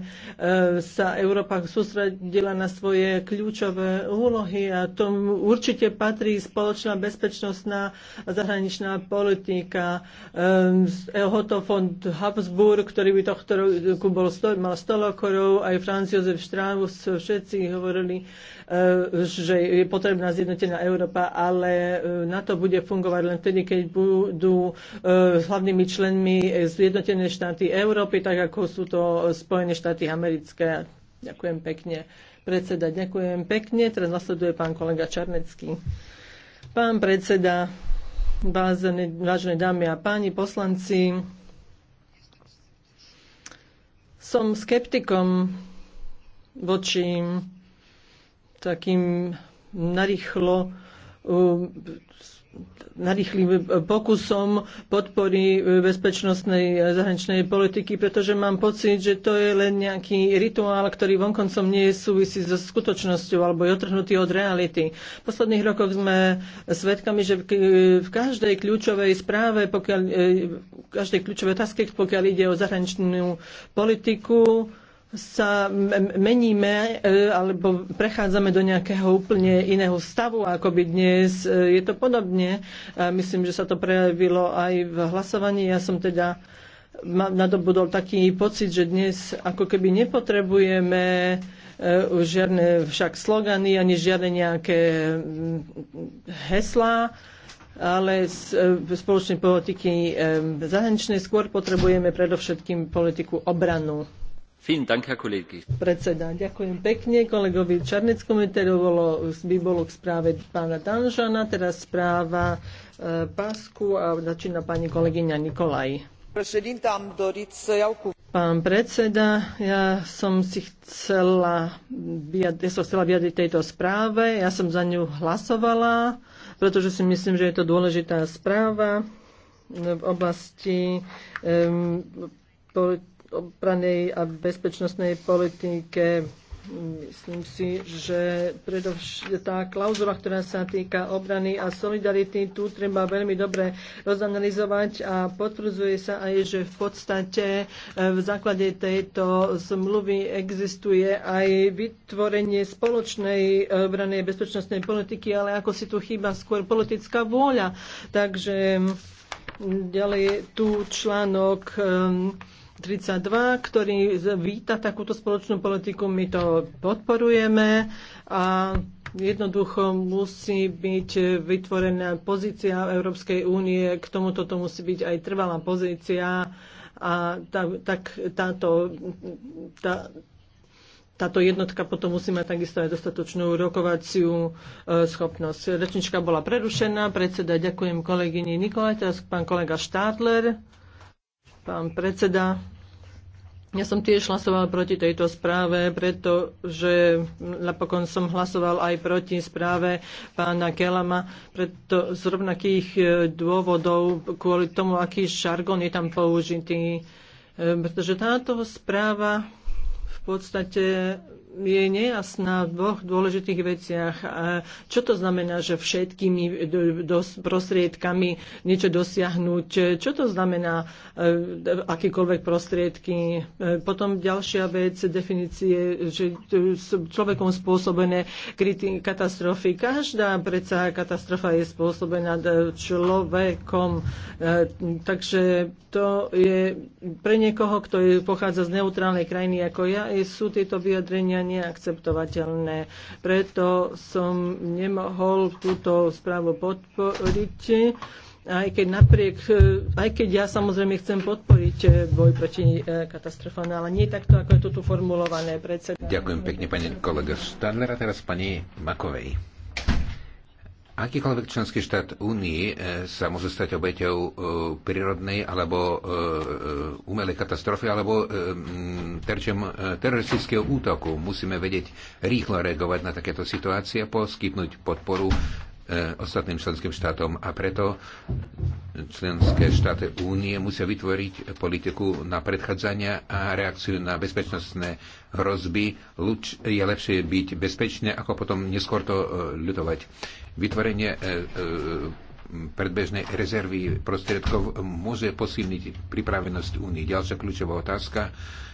sa Európa sústredila na svoje kľúčové úlohy a tomu určite patrí spoločná bezpečnostná a zahraničná politika. E, Hoto von Habsburg, ktorý by tohto roku bol, mal 100 lokorov, aj Franz Josef Strauss, všetci hovorili, e, že je potrebná zjednotená Európa, ale e, na to bude fungovať len vtedy, keď budú e, hlavnými členmi zjednotené štáty Európy, tak ako sú to Spojené štáty americké. Ďakujem pekne. Predseda, ďakujem pekne. Teraz nasleduje pán kolega Čarnecký. Pán predseda, vážené dámy a páni poslanci, som skeptikom voči takým narýchlo um, narýchlým eh, pokusom podpory eh, bezpečnostnej zahraničnej politiky, pretože mám pocit, že to je len nejaký rituál, ktorý vonkoncom nie súvisí so skutočnosťou alebo je otrhnutý od reality. V posledných rokoch sme svedkami, že v každej kľúčovej správe, pokiaľ, eh, v každej kľúčovej otázke, pokiaľ ide o zahraničnú politiku, sa meníme e, alebo prechádzame do nejakého úplne iného stavu, ako by dnes. E, je to podobne. Myslím, že sa to prejavilo aj v hlasovaní. Ja som teda nadobudol taký pocit, že dnes ako keby nepotrebujeme e, žiadne však slogany ani žiadne nejaké heslá, ale z spoločnej politiky zahraničnej skôr potrebujeme predovšetkým politiku obranu. Predseda, ďakujem pekne kolegovi Čarneckomu, ktorý bolo, by bolo k správe pána Danžana, teraz správa e, Pasku a začína pani kolegyňa Nikolaj. Pán predseda, ja som si chcela, ja som chcela vyjadriť tejto správe, ja som za ňu hlasovala, pretože si myslím, že je to dôležitá správa v oblasti e, obranej a bezpečnostnej politike. Myslím si, že predovšetko tá klauzula, ktorá sa týka obrany a solidarity, tu treba veľmi dobre rozanalizovať a potvrdzuje sa aj, že v podstate e, v základe tejto zmluvy existuje aj vytvorenie spoločnej e, obrany a bezpečnostnej politiky, ale ako si tu chýba skôr politická vôľa. Takže ďalej tu článok e, 32, ktorý víta takúto spoločnú politiku. My to podporujeme a jednoducho musí byť vytvorená pozícia Európskej únie. K tomuto to musí byť aj trvalá pozícia a tá, tak táto, tá, táto jednotka potom musí mať takisto aj dostatočnú rokovaciu e, schopnosť. Rečnička bola prerušená, predseda ďakujem kolegyni Nikolaj, teraz pán kolega Štádler pán predseda. Ja som tiež hlasoval proti tejto správe, pretože napokon som hlasoval aj proti správe pána Kelama, preto z rovnakých e, dôvodov, kvôli tomu, aký žargon je tam použitý. E, pretože táto správa v podstate je nejasná v dvoch dôležitých veciach. Čo to znamená, že všetkými prostriedkami niečo dosiahnuť? Čo to znamená e, akýkoľvek prostriedky? E, potom ďalšia vec, definície, že sú človekom spôsobené katastrofy. Každá predsa katastrofa je spôsobená človekom. E, takže to je pre niekoho, kto pochádza z neutrálnej krajiny ako ja, sú tieto vyjadrenia neakceptovateľné. Preto som nemohol túto správu podporiť aj keď napriek, aj keď ja samozrejme chcem podporiť boj proti e, katastrofám, no ale nie takto, ako je to tu formulované predseda. Ďakujem pekne, pani kolega Stadler, a teraz pani Makovej. Akýkoľvek členský štát únii e, sa môže stať obeťou e, prírodnej alebo e, umelej katastrofy alebo terčem teroristického útoku. Musíme vedieť rýchlo reagovať na takéto situácie, poskytnúť podporu E, ostatným členským štátom. A preto členské štáty únie musia vytvoriť politiku na predchádzania a reakciu na bezpečnostné hrozby. Je lepšie byť bezpečné, ako potom neskôr to e, ľutovať. Vytvorenie e, predbežnej rezervy prostriedkov môže posilniť pripravenosť únie. Ďalšia kľúčová otázka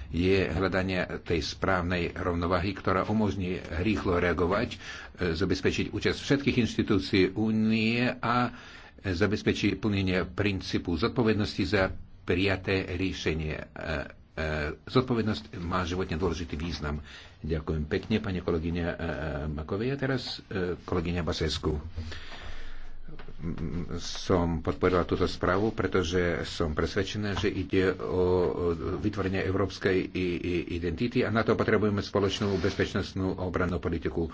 je hľadanie tej správnej rovnováhy, ktorá umožní rýchlo reagovať, e, zabezpečiť účasť všetkých inštitúcií únie a zabezpečiť plnenie princípu zodpovednosti za prijaté riešenie. E, e, zodpovednosť má životne dôležitý význam. Ďakujem pekne, pani kolegyňa Makovej. A teraz kolegyňa Basesku som podporila túto správu, pretože som presvedčená, že ide o vytvorenie európskej identity a na to potrebujeme spoločnú bezpečnostnú obrannú politiku.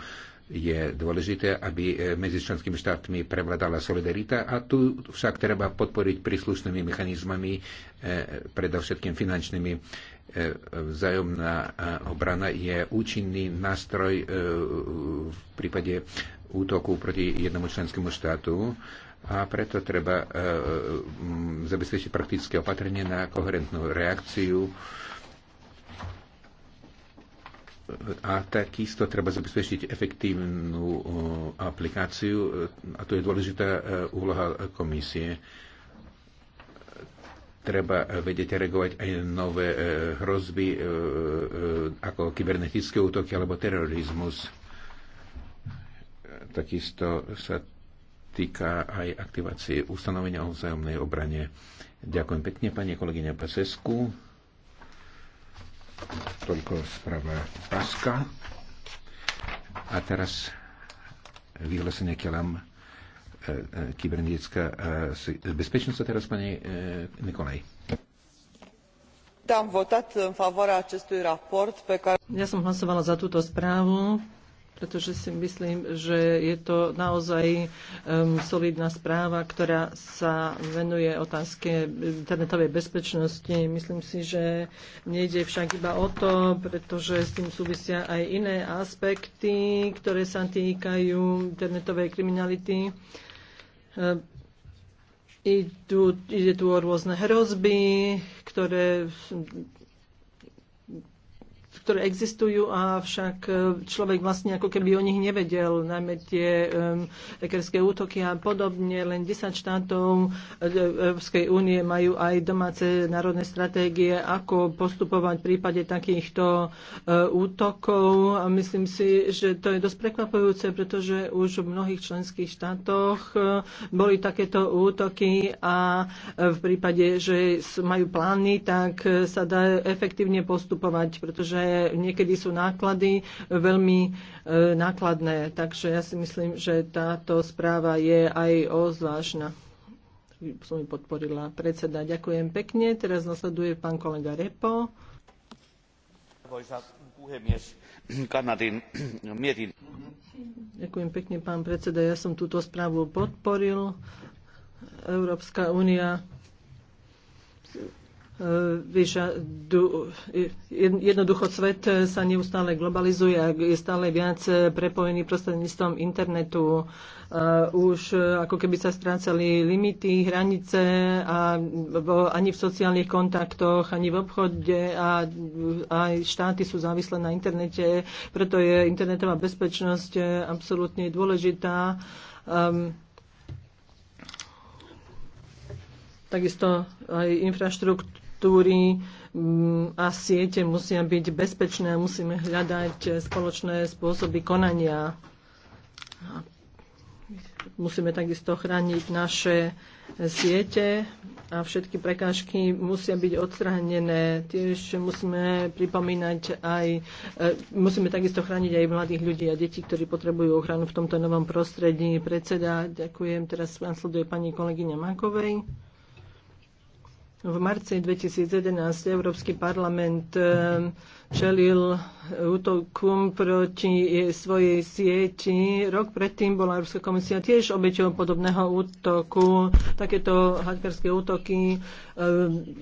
Je dôležité, aby e, medzi členskými štátmi prevládala solidarita a tu však treba podporiť príslušnými mechanizmami, e, predovšetkým finančnými e, vzájomná obrana je účinný nástroj v prípade útoku proti jednomu členskému štátu a preto treba e, zabezpečiť praktické opatrenie na koherentnú reakciu a takisto treba zabezpečiť efektívnu e, aplikáciu e, a to je dôležitá úloha komisie. Treba vedieť reagovať aj nové hrozby ako kybernetické útoky alebo terorizmus Takisto sa týka aj aktivácie ustanovenia o vzájomnej obrane. Ďakujem pekne, pani kolegyňa Pesesku. Toľko správa Paska. A teraz vyhlásenie Kelam e, e, kybernetická e, bezpečnosť. A teraz pani Nikolaj. Ja som hlasovala za túto správu, pretože si myslím, že je to naozaj um, solidná správa, ktorá sa venuje otázke internetovej bezpečnosti. Myslím si, že nejde však iba o to, pretože s tým súvisia aj iné aspekty, ktoré sa týkajú internetovej kriminality. Um, ide tu o rôzne hrozby, ktoré ktoré existujú, avšak e, človek vlastne ako keby o nich nevedel, najmä tie ekerské útoky a podobne. Len 10 štátov e, e, Európskej únie majú aj domáce národné stratégie, ako postupovať v prípade takýchto útokov. A myslím si, že to je dosť prekvapujúce, pretože už v mnohých členských štátoch boli takéto útoky a v prípade, že majú plány, tak sa dá efektívne postupovať, pretože niekedy sú náklady e, veľmi e, nákladné. Takže ja si myslím, že táto správa je aj ozvážna som mi podporila predseda. Ďakujem pekne. Teraz nasleduje pán kolega Repo. Ďakujem pekne, pán predseda. Ja som túto správu podporil. Európska únia E, vieš e, jednoducho svet e, sa neustále globalizuje a je stále viac prepojený prostredníctvom internetu. Už ako keby sa strácali limity, hranice a ani v sociálnych kontaktoch, ani v obchode a aj štáty sú závislé na internete, preto je internetová bezpečnosť absolútne dôležitá. Ehm, takisto aj infraštruktúra štruktúry mm, a siete musia byť bezpečné a musíme hľadať spoločné spôsoby konania. Musíme takisto chrániť naše siete a všetky prekážky musia byť odstránené. Tiež musíme pripomínať aj, e, musíme takisto chrániť aj mladých ľudí a detí, ktorí potrebujú ochranu v tomto novom prostredí. Predseda, ďakujem. Teraz nasleduje pani kolegyňa Makovej. V marci 2011 Európsky parlament eh, čelil útokom proti svojej sieti. Rok predtým bola Európska komisia tiež obeťou podobného útoku. Takéto hackerské útoky, e,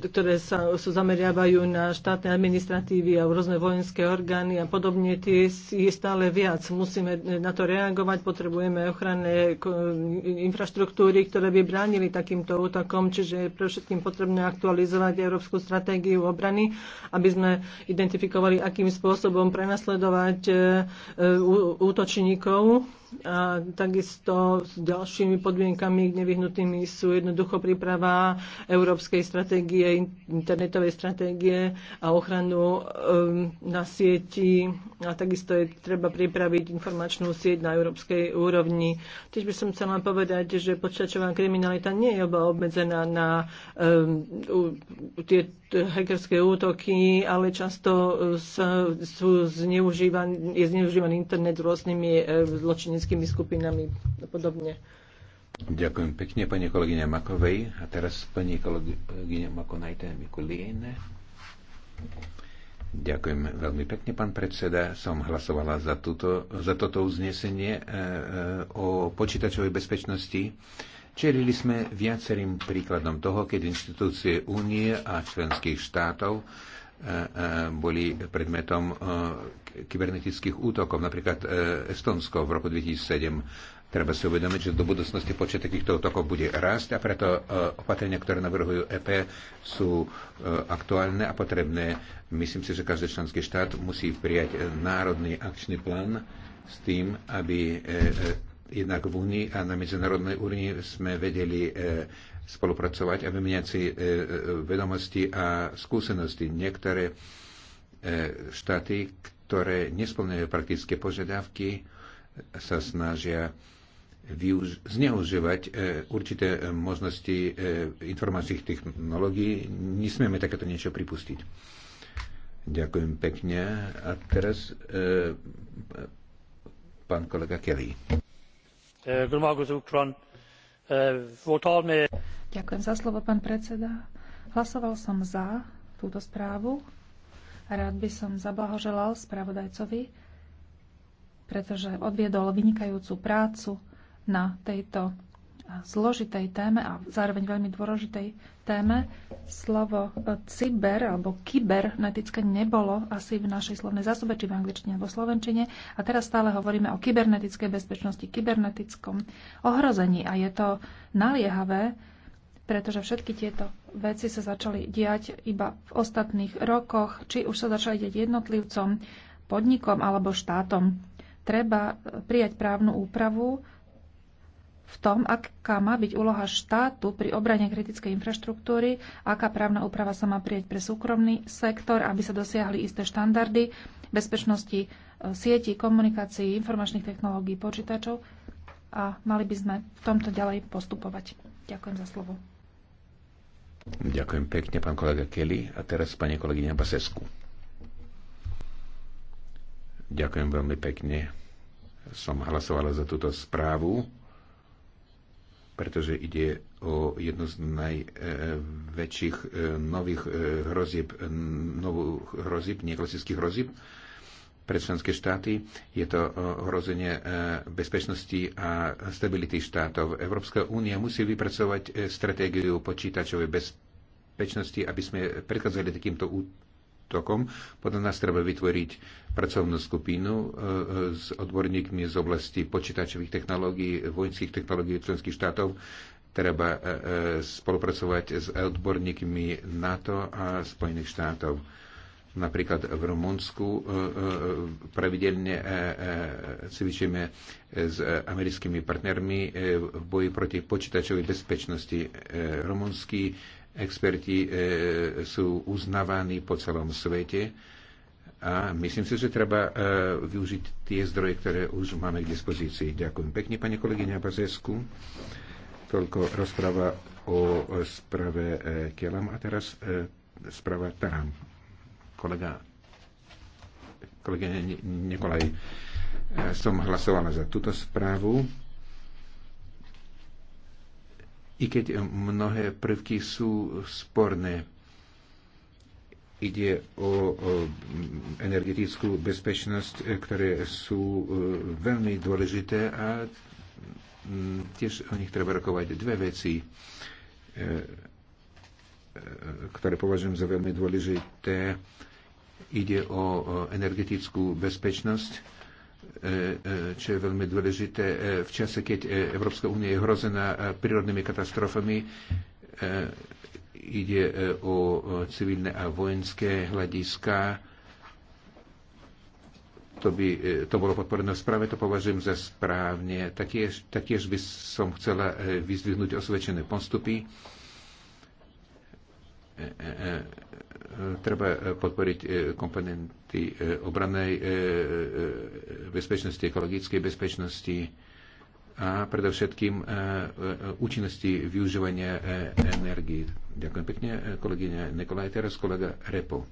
ktoré sa, sú zameriavajú na štátne administratívy a rôzne vojenské orgány a podobne, tie je stále viac. Musíme na to reagovať, potrebujeme ochranné infraštruktúry, ktoré by bránili takýmto útokom, čiže je pre všetkým potrebné aktualizovať európsku stratégiu obrany, aby sme identifikovali diskutovali, akým spôsobom prenasledovať e, e, útočníkov a takisto s ďalšími podmienkami nevyhnutými sú jednoducho príprava európskej stratégie, internetovej stratégie a ochranu um, na sieti a takisto je treba pripraviť informačnú sieť na európskej úrovni. Tiež by som chcela povedať, že počítačová kriminalita nie je oba obmedzená na um, tie hackerské útoky, ale často uh, sa, sú zneužívan, je zneužívaný internet rôznymi uh, zločinnými etnickými skupinami a podobne. Ďakujem pekne pani kolegyňa Makovej a teraz pani kolegyňa Makonajte Mikulíne. Ďakujem veľmi pekne, pán predseda. Som hlasovala za, tuto, za toto uznesenie e, e, o počítačovej bezpečnosti. Čelili sme viacerým príkladom toho, keď inštitúcie únie a členských štátov Eh, boli predmetom eh, kybernetických útokov, napríklad eh, Estonsko v roku 2007. Treba si uvedomiť, že do budúcnosti počet takýchto útokov bude rásť a preto opatrenia, ktoré navrhujú EP, sú aktuálne a potrebné. Myslím si, že každý členský štát musí prijať národný akčný plán s tým, aby jednak v Únii a na medzinárodnej úrovni sme vedeli spolupracovať a vymieňať si e, e, vedomosti a skúsenosti. Niektoré e, štáty, ktoré nesplňujú praktické požiadavky, sa snažia zneužívať určité možnosti informačných technológií. Nesmieme takéto niečo pripustiť. Ďakujem pekne. A teraz pán kolega Kelly. Uh, Eh, Ďakujem za slovo, pán predseda. Hlasoval som za túto správu. Rád by som zablahoželal spravodajcovi, pretože odviedol vynikajúcu prácu na tejto zložitej téme a zároveň veľmi dôležitej téme. Slovo e, cyber alebo kybernetické nebolo asi v našej slovnej zásobe, či v angličtine alebo slovenčine. A teraz stále hovoríme o kybernetickej bezpečnosti, kybernetickom ohrození. A je to naliehavé, pretože všetky tieto veci sa začali diať iba v ostatných rokoch, či už sa začali diať jednotlivcom, podnikom alebo štátom. Treba e, prijať právnu úpravu v tom, aká má byť úloha štátu pri obrane kritickej infraštruktúry, aká právna úprava sa má prieť pre súkromný sektor, aby sa dosiahli isté štandardy bezpečnosti e, sieti, komunikácií, informačných technológií, počítačov a mali by sme v tomto ďalej postupovať. Ďakujem za slovo. Ďakujem pekne, pán kolega Kelly. A teraz pani kolegyňa Basesku. Ďakujem veľmi pekne. Som hlasovala za túto správu pretože ide o jednu z najväčších e, nových e, hrozieb, e, novú hrozieb, neklasických hrozieb pre členské štáty. Je to hrozenie bezpečnosti a stability štátov. Európska únia musí vypracovať stratégiu počítačovej bezpečnosti, aby sme predchádzali takýmto tokom. Potom nás treba vytvoriť pracovnú skupinu e, e, s odborníkmi z oblasti počítačových technológií, vojenských technológií členských štátov. Treba e, spolupracovať s odborníkmi NATO a Spojených štátov napríklad v Rumunsku pravidelne cvičíme s americkými partnermi v boji proti počítačovej bezpečnosti. Rumunský Experti e, sú uznávaní po celom svete a myslím si, že treba e, využiť tie zdroje, ktoré už máme k dispozícii. Ďakujem pekne, pani kolegyňa Bazesku. Toľko rozpráva o sprave e, Kielam a teraz správa Taram. Kolega, kolega Nikolaj, som hlasovala za túto správu i keď mnohé prvky sú sporné. Ide o, energetickú bezpečnosť, ktoré sú e, veľmi dôležité a tiež o nich treba rokovať dve veci, e, e, ktoré považujem za veľmi dôležité. Ide o energetickú bezpečnosť čo je veľmi dôležité e, v čase, keď e, Európska únia je hrozená e, prírodnými katastrofami, ide o civilné a vojenské hľadiska. To, by, to bolo podporené v správe, to považujem za správne. Taktiež, taktiež by som chcela vyzvihnúť osvedčené postupy E, e, e, treba podporiť komponenty obranej bezpečnosti, ekologickej bezpečnosti a predovšetkým účinnosti využívania energii. Ďakujem pekne, kolegyňa Nikolaj. Teraz kolega Repo.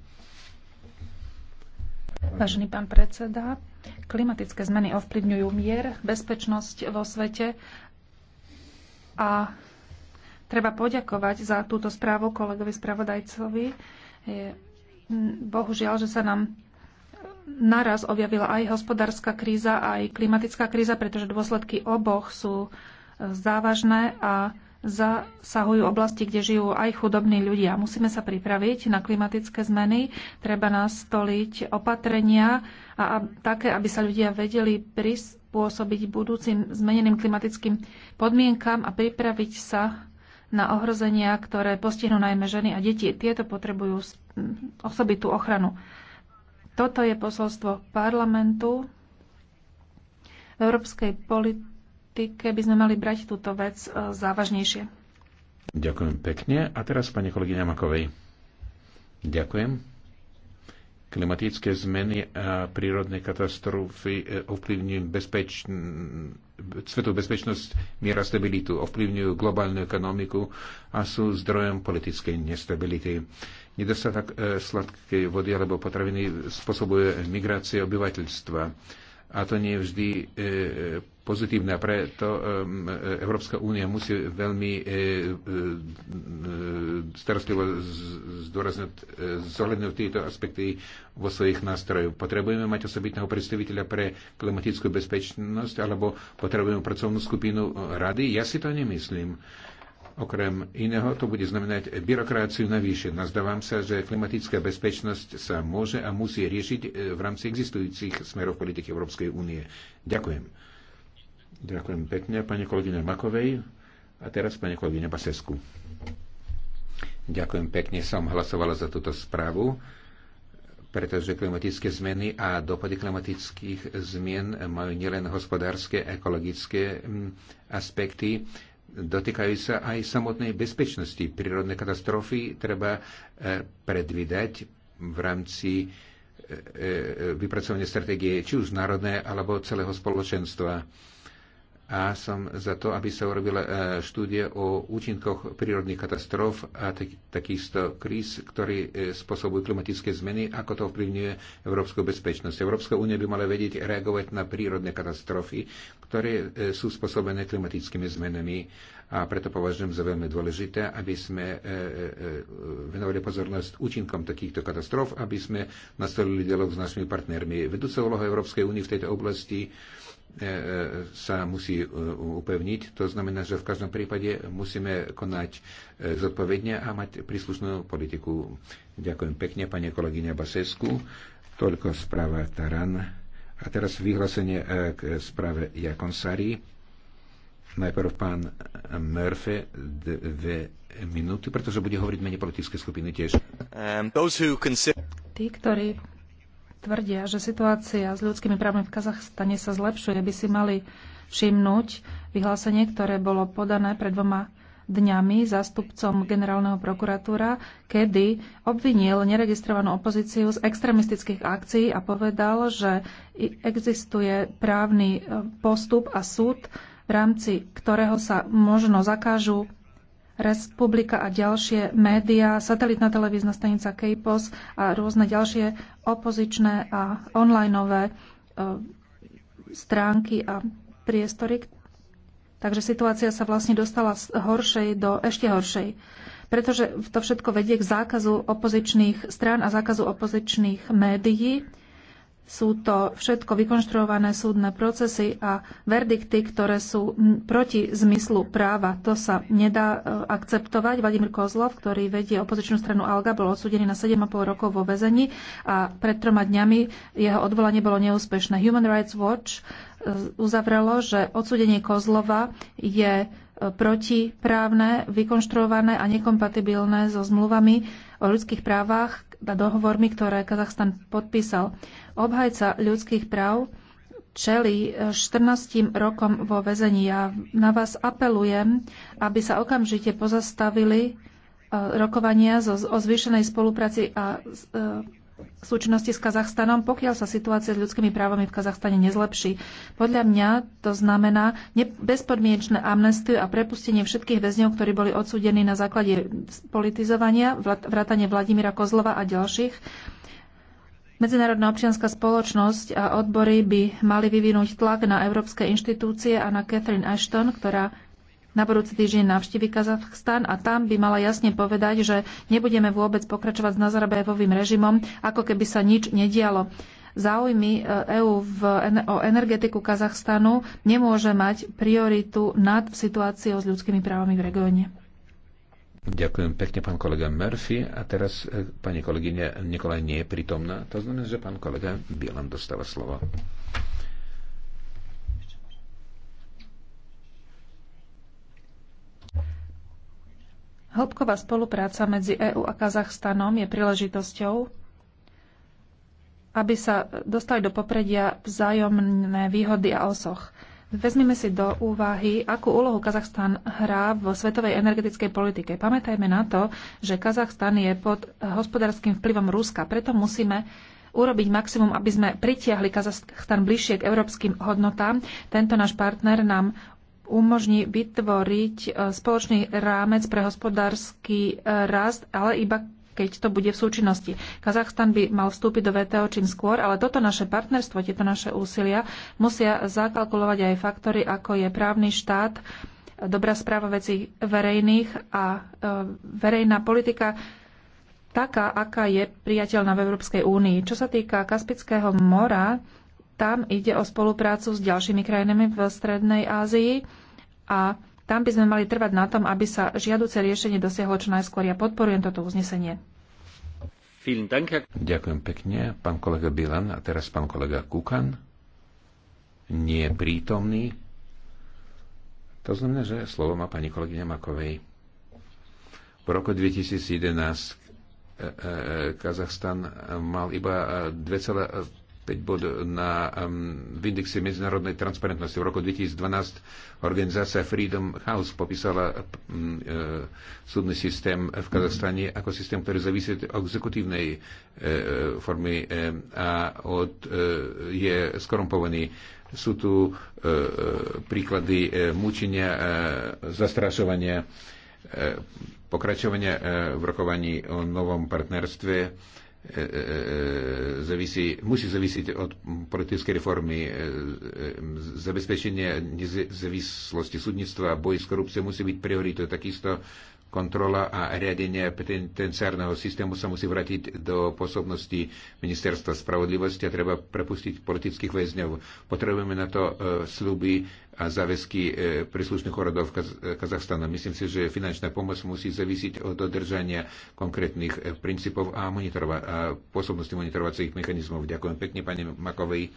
Vážený pán predseda, klimatické zmeny ovplyvňujú mier, bezpečnosť vo svete a Treba poďakovať za túto správu kolegovi spravodajcovi. Bohužiaľ, že sa nám naraz objavila aj hospodárska kríza, aj klimatická kríza, pretože dôsledky oboch sú závažné a zasahujú oblasti, kde žijú aj chudobní ľudia. Musíme sa pripraviť na klimatické zmeny, treba nastoliť opatrenia a, a také, aby sa ľudia vedeli prispôsobiť budúcim zmeneným klimatickým podmienkam a pripraviť sa na ohrozenia, ktoré postihnú najmä ženy a deti. Tieto potrebujú osobitú ochranu. Toto je posolstvo parlamentu. V európskej politike by sme mali brať túto vec e, závažnejšie. Ďakujem pekne. A teraz pani kolegyňa Makovej. Ďakujem. Klimatické zmeny a prírodné katastrofy e, ovplyvňujú bezpečn... svetovú bezpečnosť, miera stabilitu, ovplyvňujú globálnu ekonomiku a sú zdrojom politickej nestability. Nedostatok e, sladkej vody alebo potraviny spôsobuje migrácie obyvateľstva a to nie je vždy e, e, pozitívne. Preto e, Európska únia musí veľmi starostlivo zdôrazniť, zohľadňovať tieto aspekty vo svojich nástrojoch. Potrebujeme mať osobitného predstaviteľa pre klimatickú bezpečnosť alebo potrebujeme pracovnú skupinu rady? Ja si to nemyslím. Okrem iného to bude znamenať byrokraciu navýše. Nazdávam sa, že klimatická bezpečnosť sa môže a musí riešiť e, v rámci existujúcich smerov politiky Európskej únie. Ďakujem. Ďakujem pekne pani kolegyne Makovej a teraz pani kolegyne Basesku. Ďakujem pekne, som hlasovala za túto správu pretože klimatické zmeny a dopady klimatických zmien majú nielen hospodárske, ekologické mm, aspekty, dotýkajú sa aj samotnej bezpečnosti. Prírodné katastrofy treba e, predvídať v rámci e, e, vypracovania stratégie či už národné alebo celého spoločenstva a som za to, aby sa urobila e, štúdia o účinkoch prírodných katastrof a takisto kríz, ktorý e, spôsobujú klimatické zmeny, ako to ovplyvňuje európsku bezpečnosť. Európska únia by mala vedieť reagovať na prírodné katastrofy, ktoré e, sú spôsobené klimatickými zmenami a preto považujem za veľmi dôležité, aby sme venovali pozornosť účinkom takýchto katastrof, aby sme nastolili dialog s našimi partnermi. Vedúca úloha Európskej únie v tejto oblasti E, e, sa musí e, upevniť. To znamená, že v každom prípade musíme konať zodpovedne a mať príslušnú politiku. Ďakujem pekne, pani kolegyňa Basesku. Toľko správa Taran. A teraz vyhlásenie k správe Jakonsari. Najprv pán Murphy dve minúty, pretože bude hovoriť menej politické skupiny tiež. Um, Tí, ktorí tvrdia, že situácia s ľudskými právami v Kazachstane sa zlepšuje, by si mali všimnúť vyhlásenie, ktoré bolo podané pred dvoma dňami zástupcom generálneho prokuratúra, kedy obvinil neregistrovanú opozíciu z extremistických akcií a povedal, že existuje právny e, postup a súd, v rámci ktorého sa možno zakážu Republika a ďalšie médiá, satelitná televízna stanica KPOS a rôzne ďalšie opozičné a onlineové e, stránky a priestory. Takže situácia sa vlastne dostala z horšej do ešte horšej pretože to všetko vedie k zákazu opozičných strán a zákazu opozičných médií sú to všetko vykonštruované súdne procesy a verdikty, ktoré sú proti zmyslu práva. To sa nedá e, akceptovať. Vladimír Kozlov, ktorý vedie opozičnú stranu Alga, bol odsudený na 7,5 rokov vo väzení a pred troma dňami jeho odvolanie bolo neúspešné. Human Rights Watch e, uzavrelo, že odsudenie Kozlova je e, protiprávne, vykonštruované a nekompatibilné so zmluvami o ľudských právach, teda dohovormi, ktoré Kazachstan podpísal. Obhajca ľudských práv čeli 14 e, rokom vo väzení. Ja na vás apelujem, aby sa okamžite pozastavili e, rokovania o zvýšenej spolupráci a e, v súčinnosti s Kazachstanom, pokiaľ sa situácia s ľudskými právami v Kazachstane nezlepší. Podľa mňa to znamená bezpodmienečné amnestiu a prepustenie všetkých väzňov, ktorí boli odsúdení na základe politizovania, vrátane Vladimíra Kozlova a ďalších. Medzinárodná občianská spoločnosť a odbory by mali vyvinúť tlak na európske inštitúcie a na Catherine Ashton, ktorá na budúci týždeň navštívi Kazachstan a tam by mala jasne povedať, že nebudeme vôbec pokračovať s Nazarbajevovým režimom, ako keby sa nič nedialo. Záujmy e, EÚ o energetiku Kazachstanu nemôže mať prioritu nad situáciou s ľudskými právami v regióne. Ďakujem pekne, pán kolega Murphy. A teraz e, pani kolegyňa Nikolaj nie je prítomná. To znamená, že pán kolega Bielan dostáva slovo. Hĺbková spolupráca medzi EÚ a Kazachstanom je príležitosťou, aby sa dostali do popredia vzájomné výhody a osoch. Vezmime si do úvahy, akú úlohu Kazachstan hrá vo svetovej energetickej politike. Pamätajme na to, že Kazachstan je pod hospodárskym vplyvom Ruska, preto musíme urobiť maximum, aby sme pritiahli Kazachstan bližšie k európskym hodnotám. Tento náš partner nám umožní vytvoriť e, spoločný rámec pre hospodársky e, rast, ale iba keď to bude v súčinnosti. Kazachstan by mal vstúpiť do VTO čím skôr, ale toto naše partnerstvo, tieto naše úsilia musia zakalkulovať aj faktory, ako je právny štát, dobrá správa vecí verejných a e, verejná politika taká, aká je priateľná v Európskej únii. Čo sa týka Kaspického mora, tam ide o spoluprácu s ďalšími krajinami v Strednej Ázii a tam by sme mali trvať na tom, aby sa žiaduce riešenie dosiahlo čo najskôr. Ja podporujem toto uznesenie. Ďakujem pekne. Pán kolega Bilan a teraz pán kolega Kukan. Nie je prítomný. To znamená, že slovo má pani kolegyňa Makovej. V roku 2011 e, e, e, Kazachstan mal iba 2,5 5 bod na, um, v indexe medzinárodnej transparentnosti. V roku 2012 organizácia Freedom House popísala um, uh, súdny systém v Kazachstane mm-hmm. ako systém, ktorý závisí od exekutívnej uh, formy um, a od, uh, je skorumpovaný. Sú tu uh, príklady uh, mučenia, uh, zastrašovania, uh, pokračovania uh, v rokovaní o novom partnerstve. Uh, E, e, e, Zavisí, musí zavisiť od politickej reformy. Zabezpečenie nezávislosti súdnictva a boj s korupciou musí byť prioritou. Takisto kontrola a riadenie penitenciárneho systému sa musí vrátiť do pôsobnosti Ministerstva spravodlivosti a treba prepustiť politických väzňov. Potrebujeme na to e, sluby a záväzky e, príslušných orodov e, Kazachstana. Myslím si, že finančná pomoc musí zavisiť od dodržania konkrétnych e, princípov a, monitorova- a pôsobnosti monitorovacích mechanizmov. Ďakujem pekne, pani Makovej.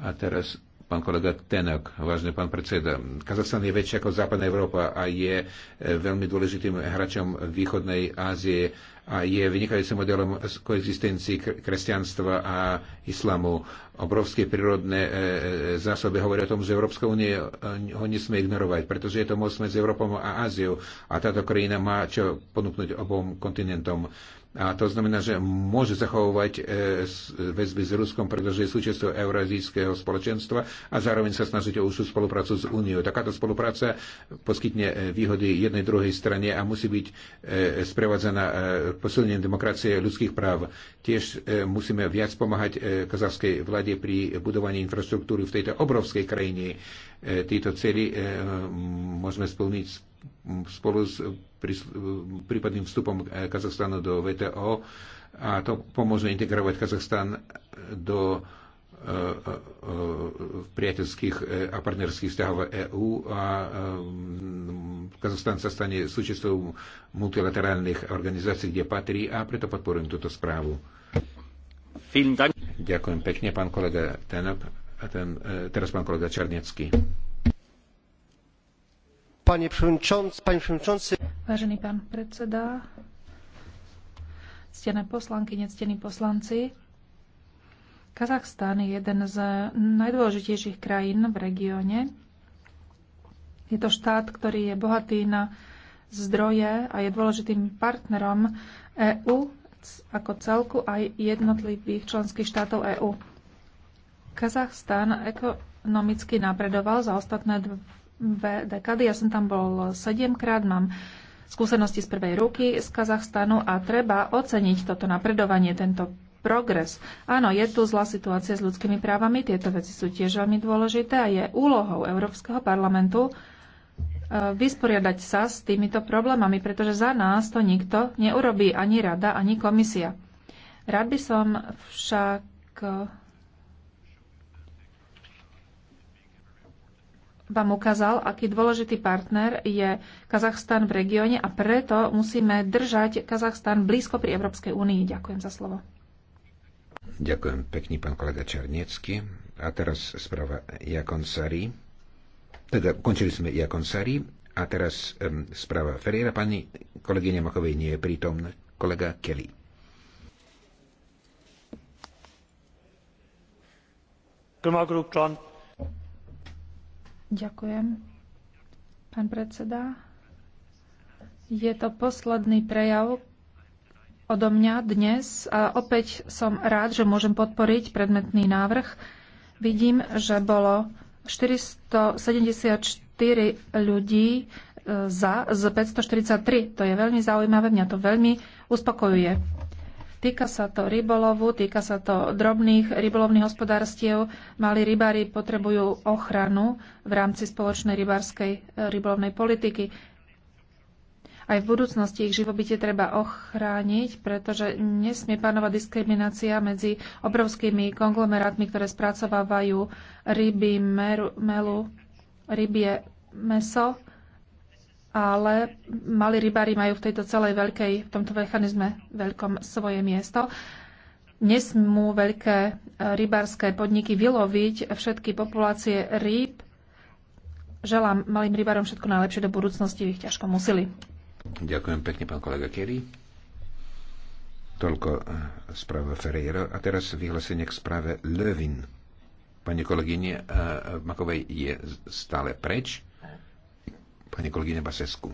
A teraz pán kolega Tenok, vážne pán predseda. Kazachstan je väčší ako Západná Európa a je e, veľmi dôležitým hračom východnej Ázie a je vynikajúcim modelom koexistencii kresťanstva a islamu. Obrovské prírodné e, e, zásoby hovoria o tom, že Európska únie ho nesmie ignorovať, pretože je to moc medzi Európou a Áziou a táto krajina má čo ponúknuť obom kontinentom. A to znamená, že môže zachovať e, väzby s Ruskom, pretože je súčasťou Eurazijského spoločenstva a zároveň sa snažiť o úšu spoluprácu s Úniou. Takáto spolupráca poskytne e, výhody jednej druhej strane a musí byť e, sprevádzaná posilnením demokracie ľudských práv. Tiež musíme viac pomáhať kazachskej vláde pri budovaní infraštruktúry v tejto obrovskej krajine. Tieto cely môžeme splniť spolu s prípadným vstupom e, Kazachstanu do VTO a to pomôže integrovať Kazachstan do e, e, priateľských a partnerských vzťahov EÚ a Kazachstan sa stane súčasťou multilaterálnych organizácií, kde patrí a preto podporujem túto správu. Ďakujem pekne, pán kolega Tenok. A ten, teraz pán kolega Čarnecký. Panie przewodniczący. Vážený pán predseda, ctené poslanky, nectení poslanci, Kazachstán je jeden z najdôležitejších krajín v regióne. Je to štát, ktorý je bohatý na zdroje a je dôležitým partnerom EÚ ako celku aj jednotlivých členských štátov EÚ. Kazachstan ekonomicky napredoval za ostatné dva dve dekady. Ja som tam bol sedemkrát, mám skúsenosti z prvej ruky z Kazachstanu a treba oceniť toto napredovanie, tento progres. Áno, je tu zlá situácia s ľudskými právami, tieto veci sú tiež veľmi dôležité a je úlohou Európskeho parlamentu e, vysporiadať sa s týmito problémami, pretože za nás to nikto neurobí, ani rada, ani komisia. Rád by som však vám ukázal, aký dôležitý partner je Kazachstan v regióne a preto musíme držať Kazachstan blízko pri Európskej únii. Ďakujem za slovo. Ďakujem pekný pán kolega Černiecky. A teraz správa Jakon Sari. Teda končili sme Jakon Sari. A teraz um, správa Ferreira. Pani kolegyne Makovej nie je prítomná. Kolega Kelly. Guten Morgen, Ďakujem. Pán predseda, je to posledný prejav odo mňa dnes a opäť som rád, že môžem podporiť predmetný návrh. Vidím, že bolo 474 ľudí e, za z 543. To je veľmi zaujímavé, mňa to veľmi uspokojuje. Týka sa to rybolovu, týka sa to drobných rybolovných hospodárstiev. Mali rybári potrebujú ochranu v rámci spoločnej rybárskej eh, rybolovnej politiky. Aj v budúcnosti ich živobytie treba ochrániť, pretože nesmie panovať diskriminácia medzi obrovskými konglomerátmi, ktoré spracovávajú ryby, meru, melu, rybie meso ale mali rybári majú v tejto celej veľkej, v tomto mechanizme veľkom svoje miesto. Nesmú veľké e, rybárske podniky vyloviť všetky populácie rýb. Želám malým rybárom všetko najlepšie do budúcnosti, ich ťažko museli. Ďakujem pekne, pán kolega Kerry. Toľko e, správa Ferreira. A teraz vyhlásenie k správe levin. Pani kolegyne e, Makovej je stále preč pani kolegyne Basesku.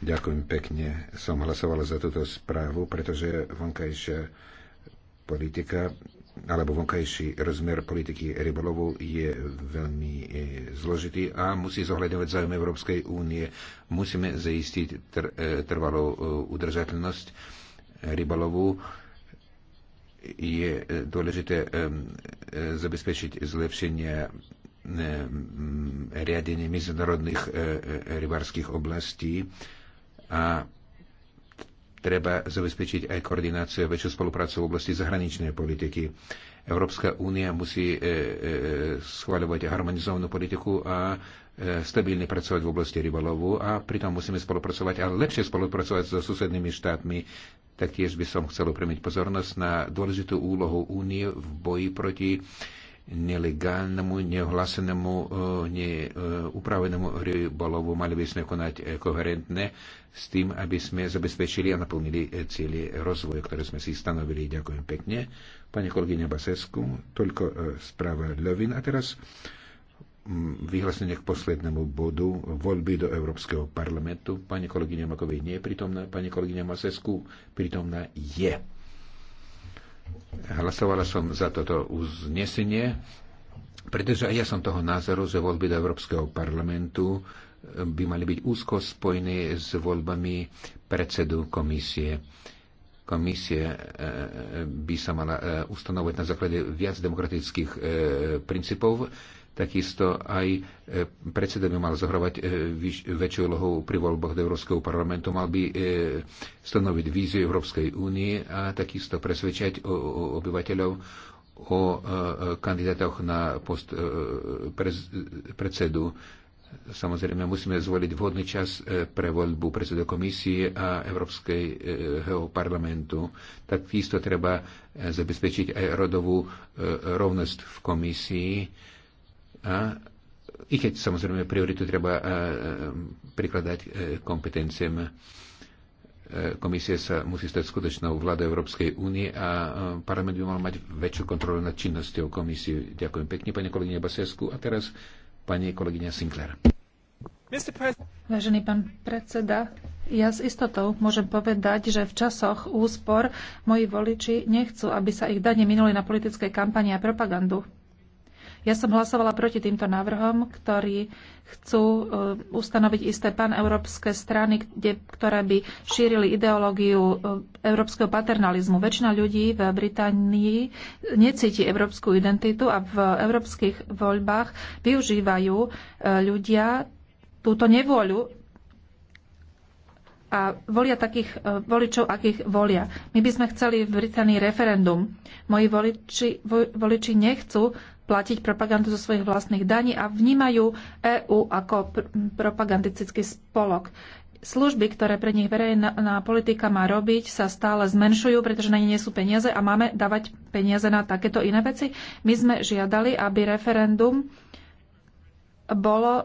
Ďakujem pekne. Som hlasovala za túto správu, pretože vonkajšia politika alebo vonkajší rozmer politiky rybolovu je veľmi e, zložitý a musí zohľadňovať záujmy Európskej únie. Musíme zaistiť tr- e, trvalú e, udržateľnosť rybolovu je dôležité zabezpečiť zlepšenie E, riadenie medzinárodných e, e, rybárskych oblastí a treba zabezpečiť aj koordináciu a väčšiu spoluprácu v oblasti zahraničnej politiky. Európska únia musí schváľovať harmonizovanú politiku a stabilne pracovať v oblasti rybolovu a pritom musíme spolupracovať, a lepšie spolupracovať so susednými štátmi. Taktiež by som chcel upremiť pozornosť na dôležitú úlohu únie v boji proti nelegálnemu, neohlásenému, e, neupravenému e, rybolovu. Mali by sme konať e, koherentne s tým, aby sme zabezpečili a naplnili cieľe rozvoja, ktoré sme si stanovili. Ďakujem pekne. Pani kolegyňa Basesku, toľko správa Lovin. A teraz vyhlasenie k poslednému bodu voľby do Európskeho parlamentu. Pani kolegyňa Makovej nie je prítomná, pani kolegyňa Masesku prítomná je. Hlasovala som za toto uznesenie, pretože aj ja som toho názoru, že voľby do Európskeho parlamentu eh, by mali byť úzko spojené s voľbami predsedu komisie. Komisie eh, eh, by sa mala ustanovať na základe viac demokratických princípov, Takisto aj e, predseda by mal zohrovať e, väčšiu úlohu pri voľbách do Európskeho parlamentu, mal by e, stanoviť víziu Európskej únie a takisto presvedčať obyvateľov o kandidátoch na post predsedu. Samozrejme, musíme zvoliť vhodný čas pre voľbu predseda komisie a Európskeho parlamentu. Takisto treba zabezpečiť aj rodovú rovnosť v komisii a i keď samozrejme prioritu treba e, e, prikladať e, kompetenciám komisie sa musí stať skutočnou vládou Európskej únie a parlament by mal mať väčšiu kontrolu nad činnosťou komisie. Ďakujem pekne, pani kolegyňa Basesku. A teraz pani kolegyňa Sinclair. Vážený pán predseda, ja s istotou môžem povedať, že v časoch úspor moji voliči nechcú, aby sa ich dane minuli na politické kampanie a propagandu. Ja som hlasovala proti týmto návrhom, ktorí chcú e, ustanoviť isté paneurópske strany, kde, ktoré by šírili ideológiu e, európskeho paternalizmu. Väčšina ľudí v Británii necíti európsku identitu a v európskych voľbách využívajú e, ľudia túto nevôľu a volia takých voličov, akých volia. My by sme chceli v Británii referendum. Moji voliči, voliči nechcú platiť propagandu zo svojich vlastných daní a vnímajú EÚ ako pr- propagandistický spolok. Služby, ktoré pre nich verejná politika má robiť, sa stále zmenšujú, pretože na ne nie sú peniaze a máme dávať peniaze na takéto iné veci. My sme žiadali, aby referendum bolo e,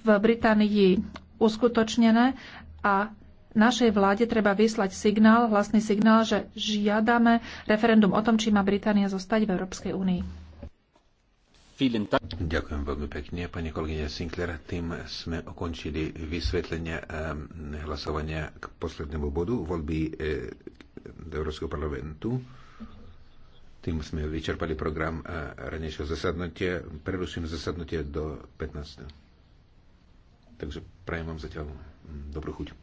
v Británii uskutočnené a našej vláde treba vyslať signál, hlasný signál, že žiadame referendum o tom, či má Británia zostať v Európskej únii. Ďakujem veľmi pekne, pani kolegyňa Sinclair. Tým sme ukončili vysvetlenie ehm, hlasovania k poslednému bodu voľby eh, do Európskeho parlamentu. Tým sme vyčerpali program eh, ranejšieho zasadnutia. Preruším zasadnutie do 15. Takže prajem vám zatiaľ mm, dobrú chuť.